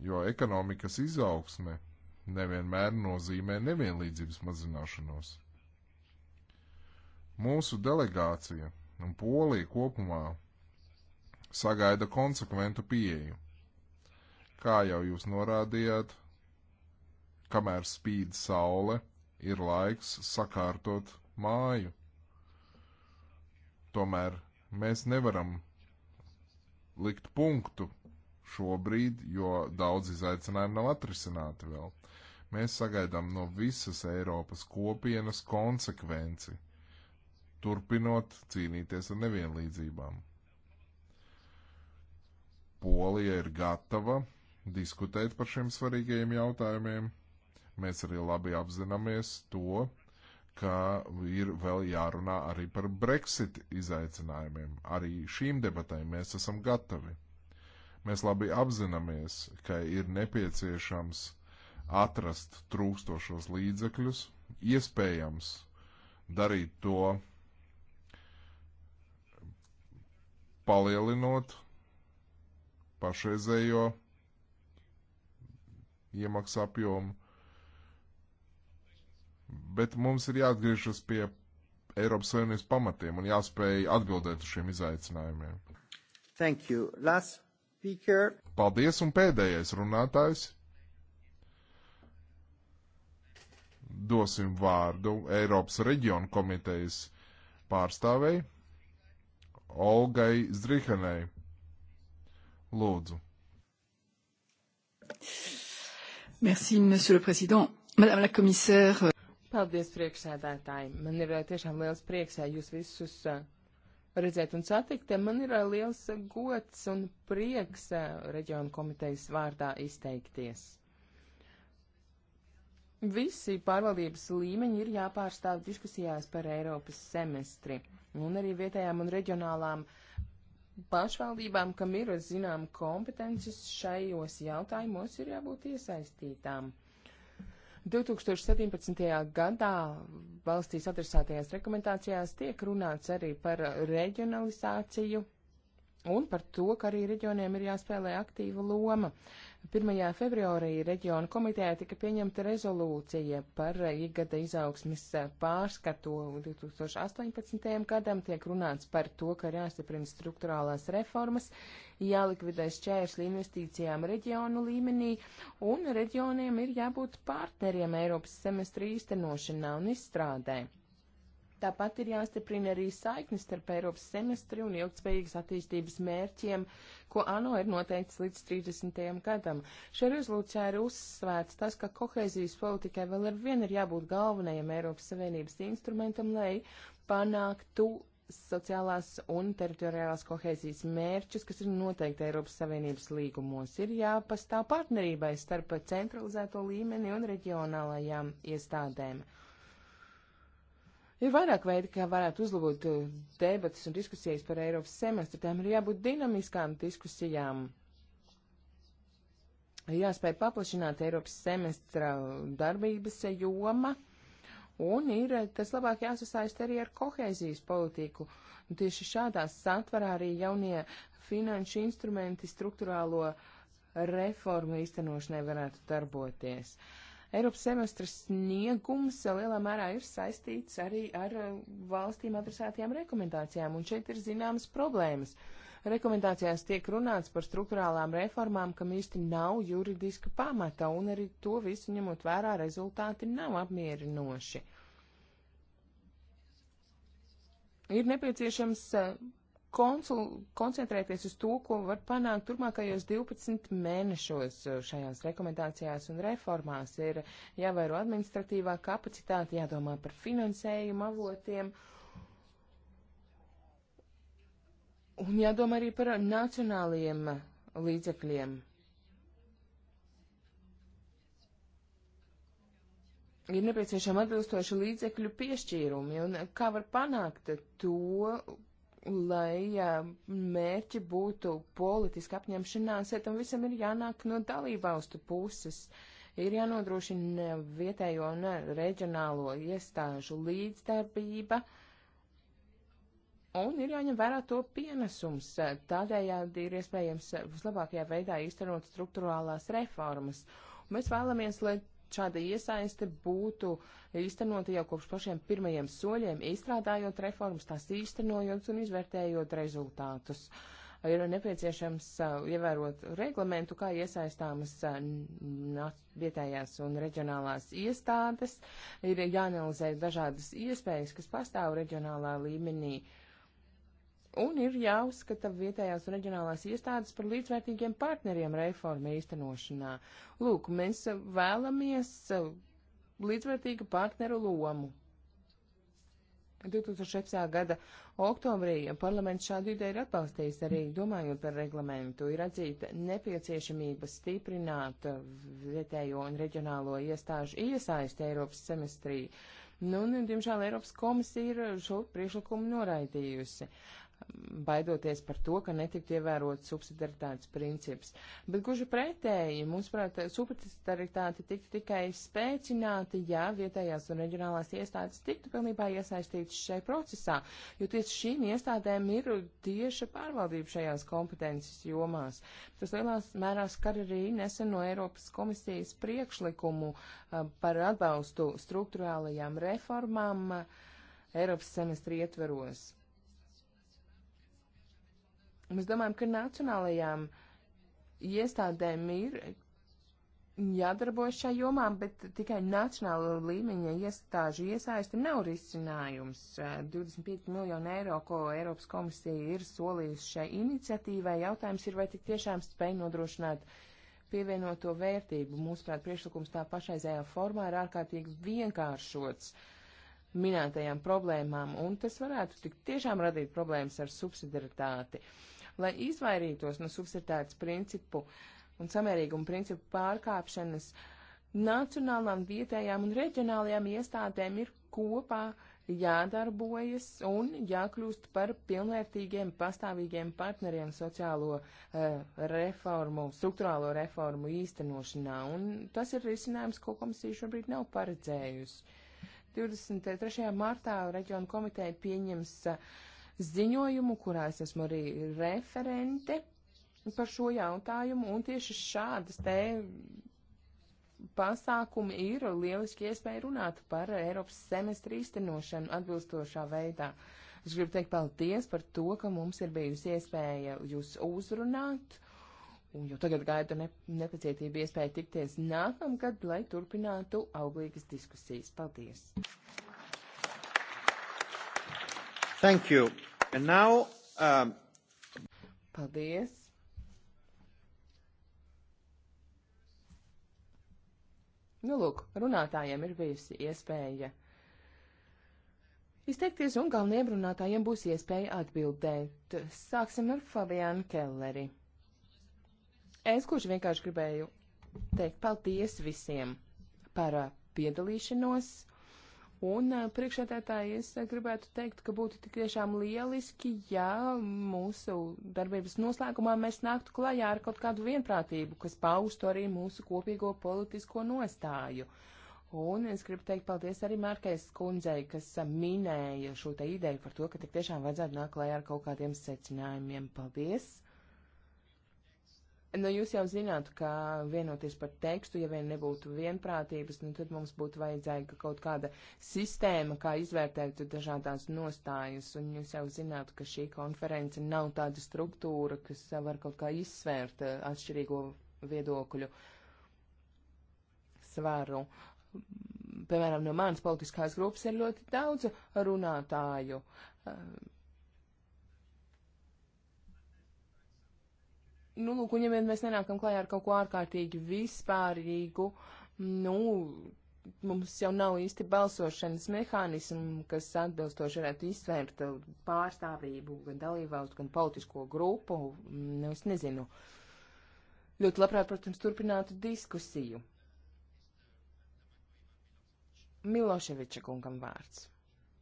Jo ekonomikas izaugsme nevienmēr nozīmē nevienlīdzības mazināšanos. Mūsu delegācija un Polija kopumā sagaida konsekventu pieeju. Kā jau jūs norādījāt, kamēr spīd saule, ir laiks sakārtot māju. Tomēr mēs nevaram likt punktu šobrīd, jo daudz izaicinājumu nav atrisināti vēl. Mēs sagaidām no visas Eiropas kopienas konsekvenci, turpinot cīnīties ar nevienlīdzībām. Polija ir gatava diskutēt par šiem svarīgajiem jautājumiem. Mēs arī labi apzināmies to, ka ir vēl jārunā arī par Brexit izaicinājumiem. Arī šīm debatēm mēs esam gatavi. Mēs labi apzināmies, ka ir nepieciešams atrast trūkstošos līdzekļus, iespējams darīt to palielinot pašreizējo iemaksu apjomu. Bet mums ir jāatgriežas pie Eiropas Savienības pamatiem un jāspēj atbildēt uz šiem izaicinājumiem. Thank you. Last speaker. Paldies un pēdējais runātājs. Dosim vārdu Eiropas reģionu komitejas pārstāvei Olgai Zdrihanai. Lūdzu. Merci, monsieur le président. Madame la commissaire. Euh, Paldies, priekšsēdētāji. Man ir eh, tiešām liels prieks, ja jūs visus eh, redzēt un satikt. Man ir eh, liels gods un prieks reģionu komitejas vārdā izteikties. Visi pārvaldības līmeņi ir jāpārstāv diskusijās par Eiropas semestri un arī vietējām un reģionālām uh, pašvaldībām, kam ir zinām kompetences šajos jautājumos, ir jābūt iesaistītām. 2017. gadā valstīs atrastātajās rekomendācijās tiek runāts arī par reģionalizāciju un par to, ka arī reģioniem ir jāspēlē aktīva loma. 1. februārī reģiona komitejā tika pieņemta rezolūcija par ikgada izaugsmes pārskatu 2018. gadam. Tiek runāts par to, ka ir jāstiprina struktūrālās reformas, jālikvidē šķēršļi investīcijām reģionu līmenī, un reģioniem ir jābūt partneriem Eiropas semestri īstenošanā un izstrādē. Tāpat ir jāstiprina arī saiknis starp Eiropas semestri un ilgtspējīgas attīstības mērķiem, ko ANO ir noteicis līdz 30. gadam. Šajā rezolūcijā ir uzsvērts tas, ka kohēzijas politikai vēl ar vienu ir jābūt galvenajam Eiropas Savienības instrumentam, lai panāktu sociālās un teritoriālās kohēzijas mērķus, kas ir noteikti Eiropas Savienības līgumos. Ir jāpastāv partnerībai starp centralizēto līmeni un reģionālajām iestādēm. Ir vairāk veidi, kā varētu uzlabot eh, debatas un diskusijas par Eiropas semestru. Tām ir jābūt dinamiskām diskusijām. Jāspēj paplašināt Eiropas semestra darbības joma. Un ir eh, tas labāk jāsasaist arī ar kohēzijas politiku. Un tieši šādā satvarā arī jaunie finanšu instrumenti struktūrālo reformu īstenošanai varētu darboties. Uh, Eiropas semestra sniegums lielā mērā ir saistīts arī ar eh, valstīm adresētajām rekomendācijām, un šeit ir zināmas problēmas. Rekomendācijās tiek runāts par struktūrālām reformām, kam īsti nav juridiska pamata, un arī to visu ņemot vērā rezultāti nav apmierinoši. Ir nepieciešams eh, konsul, koncentrēties uz to, ko var panākt turpmākajos 12 mēnešos e, šajās rekomendācijās un reformās. Ir jāvēro administratīvā kapacitāte, jādomā par finansējumu avotiem. Un jādomā arī par nacionālajiem līdzekļiem. ir nepieciešama atbilstoša līdzekļu piešķīrumi, un kā var panākt to, lai mērķi būtu politiska apņemšanās, ja tam visam ir jānāk no dalībvalstu puses. Ir jānodrošina vietējo un reģionālo iestāžu līdzdarbība, un ir jāņem vērā to pienesums. Tādējādi ir iespējams vislabākajā veidā īstenot struktūrālās reformas. Mēs vēlamies, lai šāda iesaiste būtu īstenota jau kopš pašiem pirmajiem soļiem, izstrādājot reformas, tās īstenojot un izvērtējot rezultātus. Ir nepieciešams uh, ievērot reglamentu, kā iesaistāmas uh, vietējās un reģionālās iestādes, ir jāanalizē dažādas iespējas, kas pastāv reģionālā līmenī. Uh, un ir jāuzskata vietējās un reģionālās iestādes par līdzvērtīgiem partneriem reforma īstenošanā. Lūk, mēs vēlamies līdzvērtīgu partneru lomu. 2017. gada oktobrī parlaments šādu ideju ir atbalstījis arī domājot par reglamentu. Ir atzīta nepieciešamība stiprināt vietējo un reģionālo iestāžu iesaisti Eiropas semestrī. Nu, un, diemžēl, Eiropas komisija ir šo priekšlikumu noraidījusi. Uh, baidoties par to, ka netiktu ievērot subsidiaritātes princips. Bet guži pretēji, mūsuprāt, subsidiaritāte tiktu tikai spēcināta, ja vietējās un reģionālās iestādes tiktu pilnībā iesaistītas šai procesā, jo tieši šīm iestādēm ir tieša pārvaldība šajās kompetences jomās. Tas lielās mērā skar arī nesen no Eiropas komisijas priekšlikumu a, par atbalstu struktūrālajām reformām a, Eiropas semestri ietveros. Mēs domājam, ka nacionālajām iestādēm ir jādarbojas šajā jomā, bet tikai nacionāla līmeņa iestāžu iesaisti nav risinājums. 25 eh, miljonu eiro, ko Eiropas komisija ir solījusi šai iniciatīvai, jautājums ir, vai tik tiešām spēj nodrošināt pievienoto vērtību. Mūsuprāt, priekšlikums tā pašaizējā formā ir ārkārtīgi vienkāršots minētajām problēmām, un tas varētu tik tiešām radīt problēmas ar subsidaritāti. Uh, lai izvairītos no subsidiāts principu un samērīguma principu pārkāpšanas. Nacionālām, vietējām un reģionālajām iestādēm ir kopā jādarbojas un jākļūst par pilnvērtīgiem, pastāvīgiem partneriem sociālo uh, reformu, struktūrālo reformu īstenošanā. Un tas ir risinājums, ko komisija šobrīd nav paredzējusi. 23. martā reģionu komiteja pieņems uh, ziņojumu, kurā es esmu arī referente par šo jautājumu, un tieši šādas te pasākumi ir lieliski iespēja runāt par Eiropas semestri īstenošanu atbilstošā veidā. Es gribu teikt paldies par to, ka mums ir bijusi iespēja jūs uzrunāt, un jau tagad gaidu ne, nepacietību iespēju tikties nākamgad, lai turpinātu auglīgas diskusijas. Paldies! Thank you. And now, um... Paldies. Nu, lūk, runātājiem ir bijusi iespēja izteikties, un galvenajiem runātājiem būs iespēja atbildēt. Sāksim ar Fabianu Kelleri. Es kurš vienkārši gribēju teikt paldies visiem par piedalīšanos Un eh, priekšētētāji es eh, gribētu teikt, ka būtu tik tiešām lieliski, ja mūsu darbības noslēgumā mēs nāktu klajā ar kaut kādu vienprātību, kas paustu arī mūsu kopīgo politisko nostāju. Un es gribu teikt paldies arī Mērkais skundzei, kas eh, minēja šo te ideju par to, ka tik tiešām vajadzētu nākt klajā ar kaut kādiem secinājumiem. Paldies! Nu, jūs jau zinātu, ka vienoties par tekstu, ja vien nebūtu vienprātības, nu, tad mums būtu vajadzēja kaut kāda sistēma, kā izvērtēt dažādās nostājas, un jūs jau zinātu, ka šī konference nav tāda struktūra, kas var kaut kā izsvērt eh, atšķirīgo viedokļu svaru. Piemēram, no manas politiskās grupas ir ļoti daudz runātāju. Uh, nu, lūk, un ja vien mēs nenākam klajā ar kaut ko ārkārtīgi vispārīgu, nu, mums jau nav īsti balsošanas mehānismu, kas atbilstoši varētu izsvērt pārstāvību gan dalībvalstu, gan politisko grupu, nu, es nezinu. Ļoti labprāt, protams, turpinātu diskusiju. Miloševiča kungam vārds.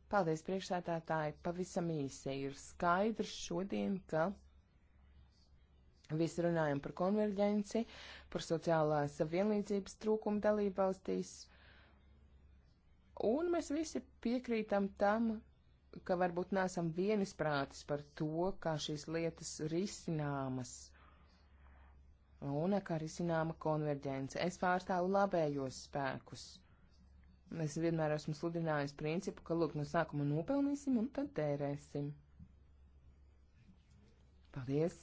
Paldies, priekšsētātāji, pavisam īsi ir skaidrs šodien, ka Visi runājam par konverģenci, par sociālās vienlīdzības trūkumu dalībvalstīs. Un mēs visi piekrītam tam, ka varbūt nesam vienisprātis par to, kā šīs lietas risināmas un kā risināma konverģence. Es pārstāvu labējos spēkus. Es vienmēr esmu sludinājis principu, ka lūk, no sākuma nopelnīsim un tad tērēsim. Paldies!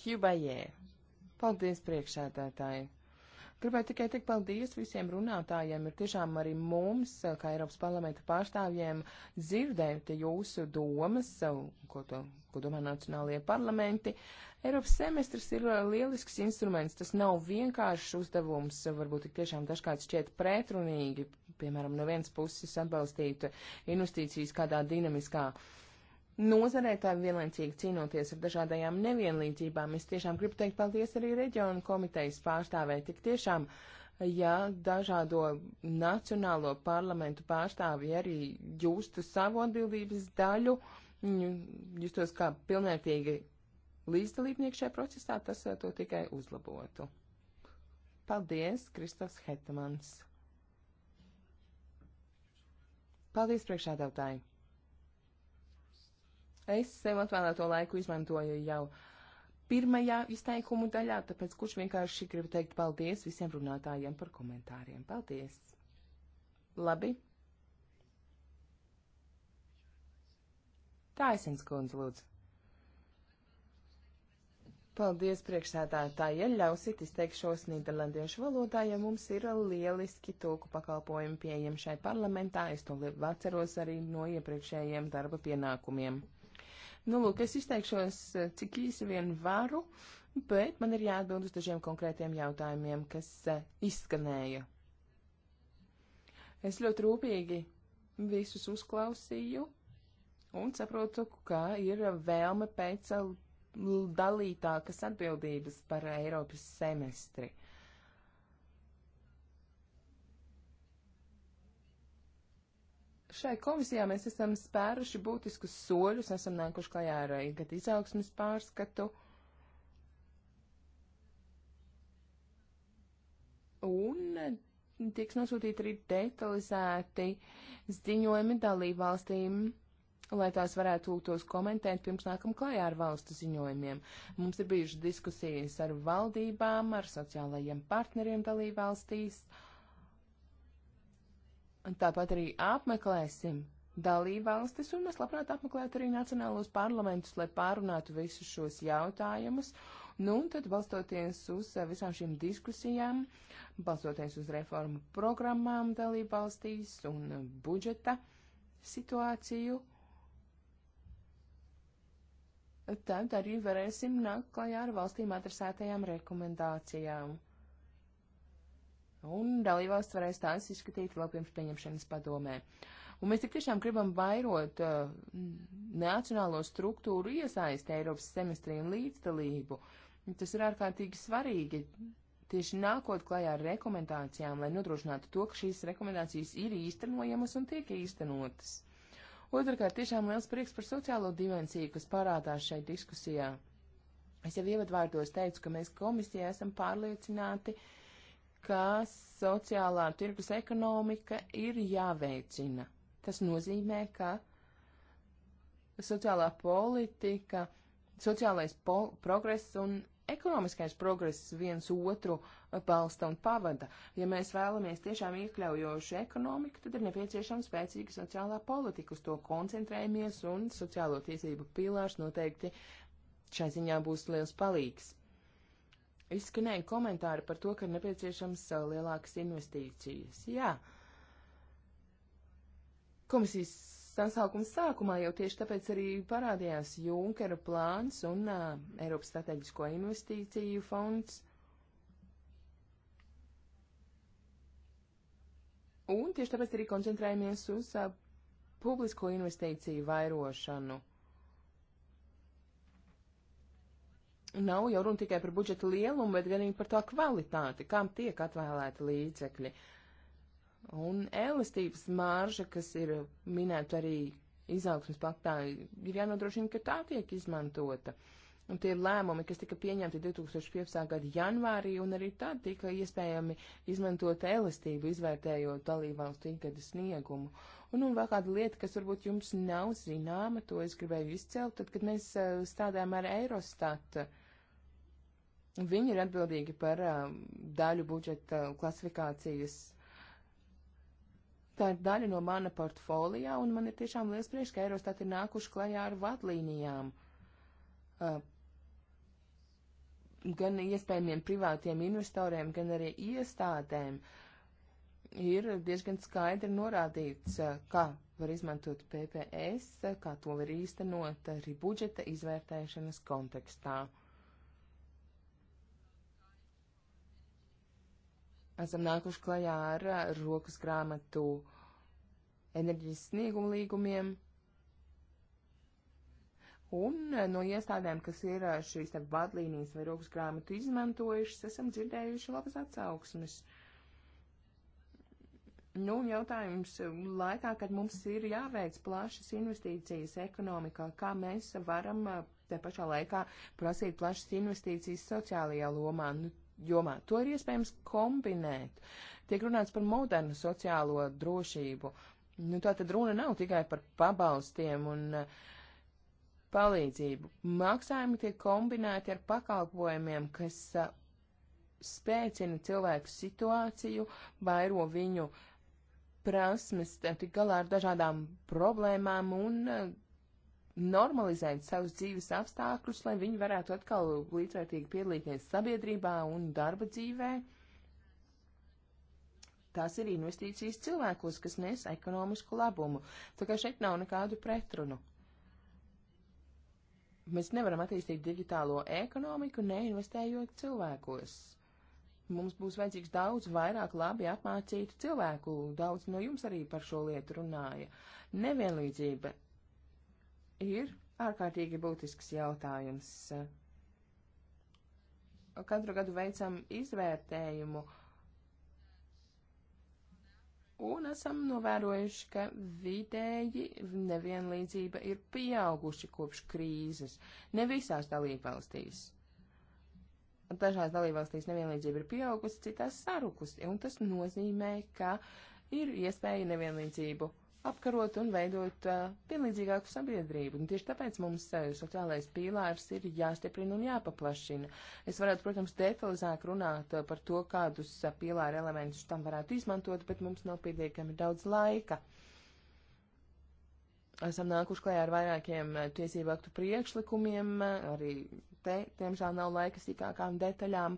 Hjubajē. Paldies, priekšsēdētāji! Gribētu tikai teikt paldies visiem runātājiem. Ir tiešām arī mums, kā Eiropas parlamenta pārstāvjiem, dzirdēt jūsu domas, ko, to, ko domā nacionālajie parlamenti. Eiropas semestrs ir lielisks instruments. Tas nav vienkāršs uzdevums, varbūt tik tiešām dažkārt šķiet pretrunīgi. Piemēram, no vienas puses atbalstīt investīcijas kādā dinamiskā uh, nozarē, tā vienlaicīgi cīnoties ar dažādajām nevienlīdzībām. Es tiešām gribu teikt paldies arī reģionu komitejas pārstāvē. Tik tiešām, ja dažādo nacionālo parlamentu pārstāvi arī jūstu savu atbildības daļu, justos kā pilnvērtīgi līdzdalībnieki šajā procesā, tas eh, to tikai uzlabotu. Paldies, Kristofs Hetemans. Paldies, priekšādātāji! Es sev atvēlēto laiku izmantoju jau pirmajā izteikumu daļā, tāpēc kurš vienkārši grib teikt paldies visiem runātājiem par komentāriem. Paldies! Labi. Taisins kundze, lūdzu. Paldies priekšsētātāji, ja ļausit izteikšos nīderlandiešu valodā, ja mums ir lieliski tūku pakalpojumi pieejami šai parlamentā, es to atceros arī no iepriekšējiem darba pienākumiem. Nu, lūk, es izteikšos, eh, cik īsi vien varu, bet man ir jāatbild uz dažiem konkrētiem jautājumiem, kas eh, izskanēja. Es ļoti rūpīgi visus uzklausīju un saprotu, ka ir vēlme pēc eh, dalītākas atbildības par Eiropas semestri. Uh, šai komisijā mēs esam spēruši būtiskus soļus, esam nākuši klajā ar eh, gadu izaugsmas pārskatu. Un eh, tiks nosūtīti arī detalizēti ziņojumi dalībvalstīm lai tās varētu tos komentēt pirms nākam klājā ar valstu ziņojumiem. Mums ir bijušas diskusijas ar valdībām, ar sociālajiem partneriem dalībvalstīs. valstīs Un tāpat arī apmeklēsim dalībvalstis, un mēs labprāt apmeklētu arī nacionālos parlamentus, lai pārunātu visus šos jautājumus. Nu, un tad balstoties uz eh, visām šīm diskusijām, balstoties uz reformu programmām dalībvalstīs un eh, budžeta situāciju, tad arī varēsim nākt klajā ar valstīm adresētajām rekomendācijām. Un dalībvalsts varēs tās izskatīt vēl pirms pieņemšanas padomē. Un mēs tik tiešām gribam vairot uh, nacionālo struktūru iesaisti Eiropas semestrī un līdzdalību. Tas ir ārkārtīgi svarīgi tieši nākot klajā ar rekomendācijām, lai nodrošinātu to, ka šīs rekomendācijas ir īstenojamas un tiek īstenotas. Otrakārt, tiešām liels prieks par sociālo dimensiju, kas parādās šai diskusijā. Es jau ievadvārdos teicu, ka mēs komisijā esam pārliecināti, uh, ka sociālā tirgus ekonomika ir jāveicina. Tas nozīmē, ka sociālā politika, sociālais pol progress un ekonomiskais progress viens otru balsta un pavada. Ja mēs vēlamies tiešām iekļaujošu ekonomiku, tad ir nepieciešama spēcīga sociālā politika. Uz to koncentrējamies un sociālo tiesību pilārs noteikti šai ziņā būs liels palīgs. Izskanēja komentāri par to, ka ir nepieciešams eh, lielākas investīcijas. Jā. Komisijas sasaukuma sākumā jau tieši tāpēc arī parādījās Junkera plāns un uh, Eiropas strateģisko investīciju fonds. Un tieši tāpēc arī koncentrējamies uz uh, publisko investīciju vairošanu. nav jau runa tikai par budžeta lielumu, bet gan par to kvalitāti, kam tiek atvēlēti līdzekļi. Un elastības mārža, kas ir minēta arī izaugsmas paktā, ir jānodrošina, ka tā tiek izmantota. Un tie ir lēmumi, kas tika pieņemti 2015. gada janvārī, un arī tad tika iespējami izmantot elastību, izvērtējot dalībvalstu ikgada sniegumu. Un, un vēl kāda lieta, kas varbūt jums nav zināma, to es gribēju izcelt, tad, kad mēs strādājām ar Eurostatu Viņi ir atbildīgi par um, daļu budžeta klasifikācijas. Tā ir daļa no mana portfolijā, un man ir tiešām liels prieks, ka Eirostat ir nākuši klajā ar vadlīnijām uh, gan iespējamiem privātiem investoriem, gan arī iestādēm ir diezgan skaidri norādīts, uh, kā var izmantot PPS, uh, kā to var īstenot arī budžeta izvērtēšanas kontekstā. esam nākuši klajā ar, ar uh, rokas grāmatu enerģijas snieguma līgumiem. Un uh, no iestādēm, kas ir uh, šīs te vadlīnijas vai rokas grāmatu izmantojušas, esam dzirdējuši labas atsauksmes. Nu, jautājums laikā, kad mums ir jāveic plašas investīcijas ekonomikā, kā mēs varam te pašā laikā prasīt plašas investīcijas sociālajā lomā. Nu, jomā. To ir iespējams kombinēt. Tiek runāts par modernu sociālo drošību. Nu, tā tad runa nav tikai par pabalstiem un eh, palīdzību. Maksājumi tiek kombinēti ar pakalpojumiem, kas a, eh, spēcina cilvēku situāciju, vairo viņu prasmes, tik galā ar dažādām problēmām un eh, normalizēt savus dzīves apstākļus, lai viņi varētu atkal līdzvērtīgi piedalīties sabiedrībā un darba dzīvē. Tās ir investīcijas cilvēkos, kas nes ekonomisku labumu. Tā kā šeit nav nekādu pretrunu. Mēs nevaram attīstīt digitālo ekonomiku, neinvestējot cilvēkos. Mums būs vajadzīgs daudz vairāk labi apmācītu cilvēku. Daudz no jums arī par šo lietu runāja. Nevienlīdzība ir ārkārtīgi būtisks jautājums. Katru gadu veicam izvērtējumu un esam novērojuši, ka vidēji nevienlīdzība ir pieauguši kopš krīzes, ne visās dalībvalstīs. Dažās dalībvalstīs nevienlīdzība ir pieaugusi, citās sarukusi, un tas nozīmē, ka ir iespēja nevienlīdzību apkarot un veidot uh, pienlīdzīgāku sabiedrību. Un tieši tāpēc mums uh, sociālais pīlārs ir jāstiprina un jāpaplašina. Es varētu, protams, detalizāk runāt uh, par to, kādus uh, pīlāra elementus tam varētu izmantot, bet mums nav pietiekami daudz laika. Esam nākuši klajā ar vairākiem uh, tiesību aktu priekšlikumiem, uh, arī te, tiemžēl nav laika sīkākām detaļām.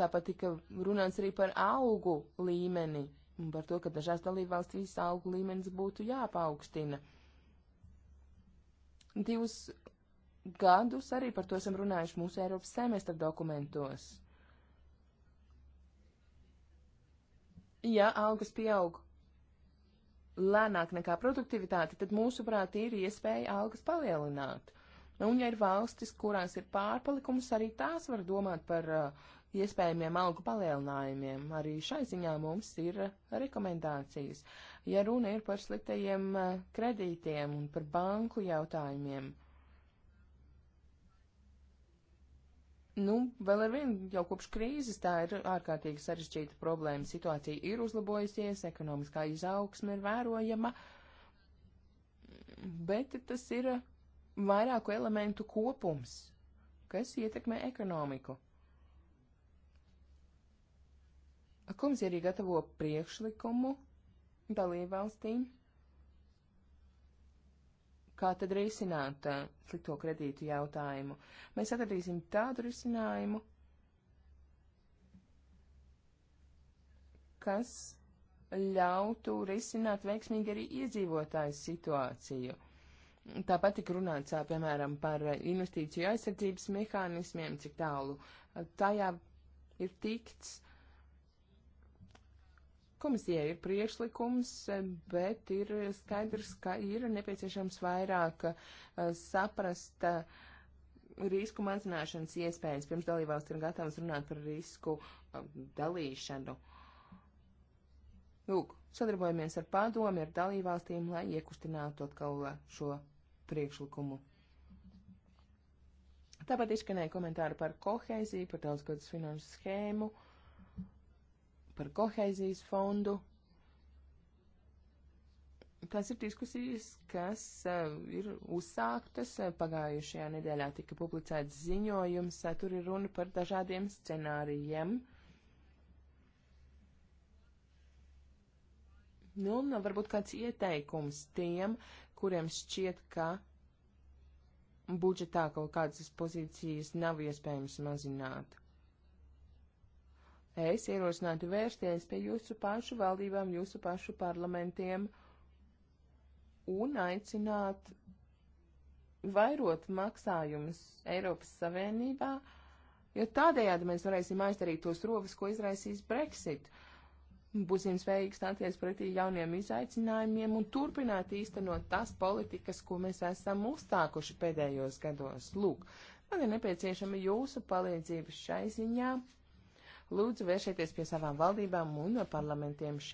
Tāpat tika runāts arī par augu līmeni un par to, ka dažās dalībvalstīs augu līmenis būtu jāpaukstina. Divus gadus arī par to esam runājuši mūsu Eiropas semestra dokumentos. Ja algas pieaug lēnāk nekā produktivitāte, tad mūsuprāt ir iespēja algas palielināt. Un ja ir valstis, kurās ir pārpalikums, arī tās var domāt par uh, iespējamiem algu palielinājumiem. Arī šai ziņā mums ir rekomendācijas. Ja runa ir par sliktajiem eh, kredītiem un par banku jautājumiem, Nu, vēl ar vienu jau kopš krīzes tā ir ārkārtīgi sarežģīta problēma. Situācija ir uzlabojusies, ekonomiskā izaugsme ir vērojama, bet tas ir vairāku elementu kopums, kas ietekmē ekonomiku. Komisija arī gatavo priekšlikumu dalībvalstīm, kā tad risināt eh, slikto kredītu jautājumu. Mēs atradīsim tādu risinājumu, kas ļautu risināt veiksmīgi arī iedzīvotāju situāciju. Tāpat tika runāts, piemēram, par investīciju aizsardzības mehānismiem, cik tālu tajā ir tikts. Uh, Komisijai ir priekšlikums, bet ir skaidrs, ka ir nepieciešams vairāk eh, saprast eh, risku mazināšanas iespējas, pirms dalībvalsts ir gatavs runāt par risku eh, dalīšanu. Lūk, sadarbojamies ar padomi, ar dalībvalstīm, lai iekustinātu atkal šo priekšlikumu. Tāpat izskanēja komentāri par kohēziju, par daudzgadus finanšu schēmu. Uh, par koheizijas fondu. Tās ir diskusijas, kas uh, ir uzsāktas. Pagājušajā nedēļā tika publicēts ziņojums. Eh, tur ir runa par dažādiem scenārijiem. Nu, un varbūt kāds ieteikums tiem, kuriem šķiet, ka budžetā kaut kādas pozīcijas nav iespējams mazināt. Es ierosinātu vērsties pie jūsu pašu valdībām, jūsu pašu parlamentiem un aicināt vairot maksājumus Eiropas Savienībā, jo tādējādi mēs varēsim aizdarīt tos rovis, ko izraisīs Brexit. Būsim spējīgi stāties pretī jauniem izaicinājumiem un turpināt īstenot tās politikas, ko mēs esam uzstākuši pēdējos gados. Lūk, man ir nepieciešama jūsu palīdzība šai ziņā. Lūdzu, vēršieties pie savām valdībām un parlamentiem šajā.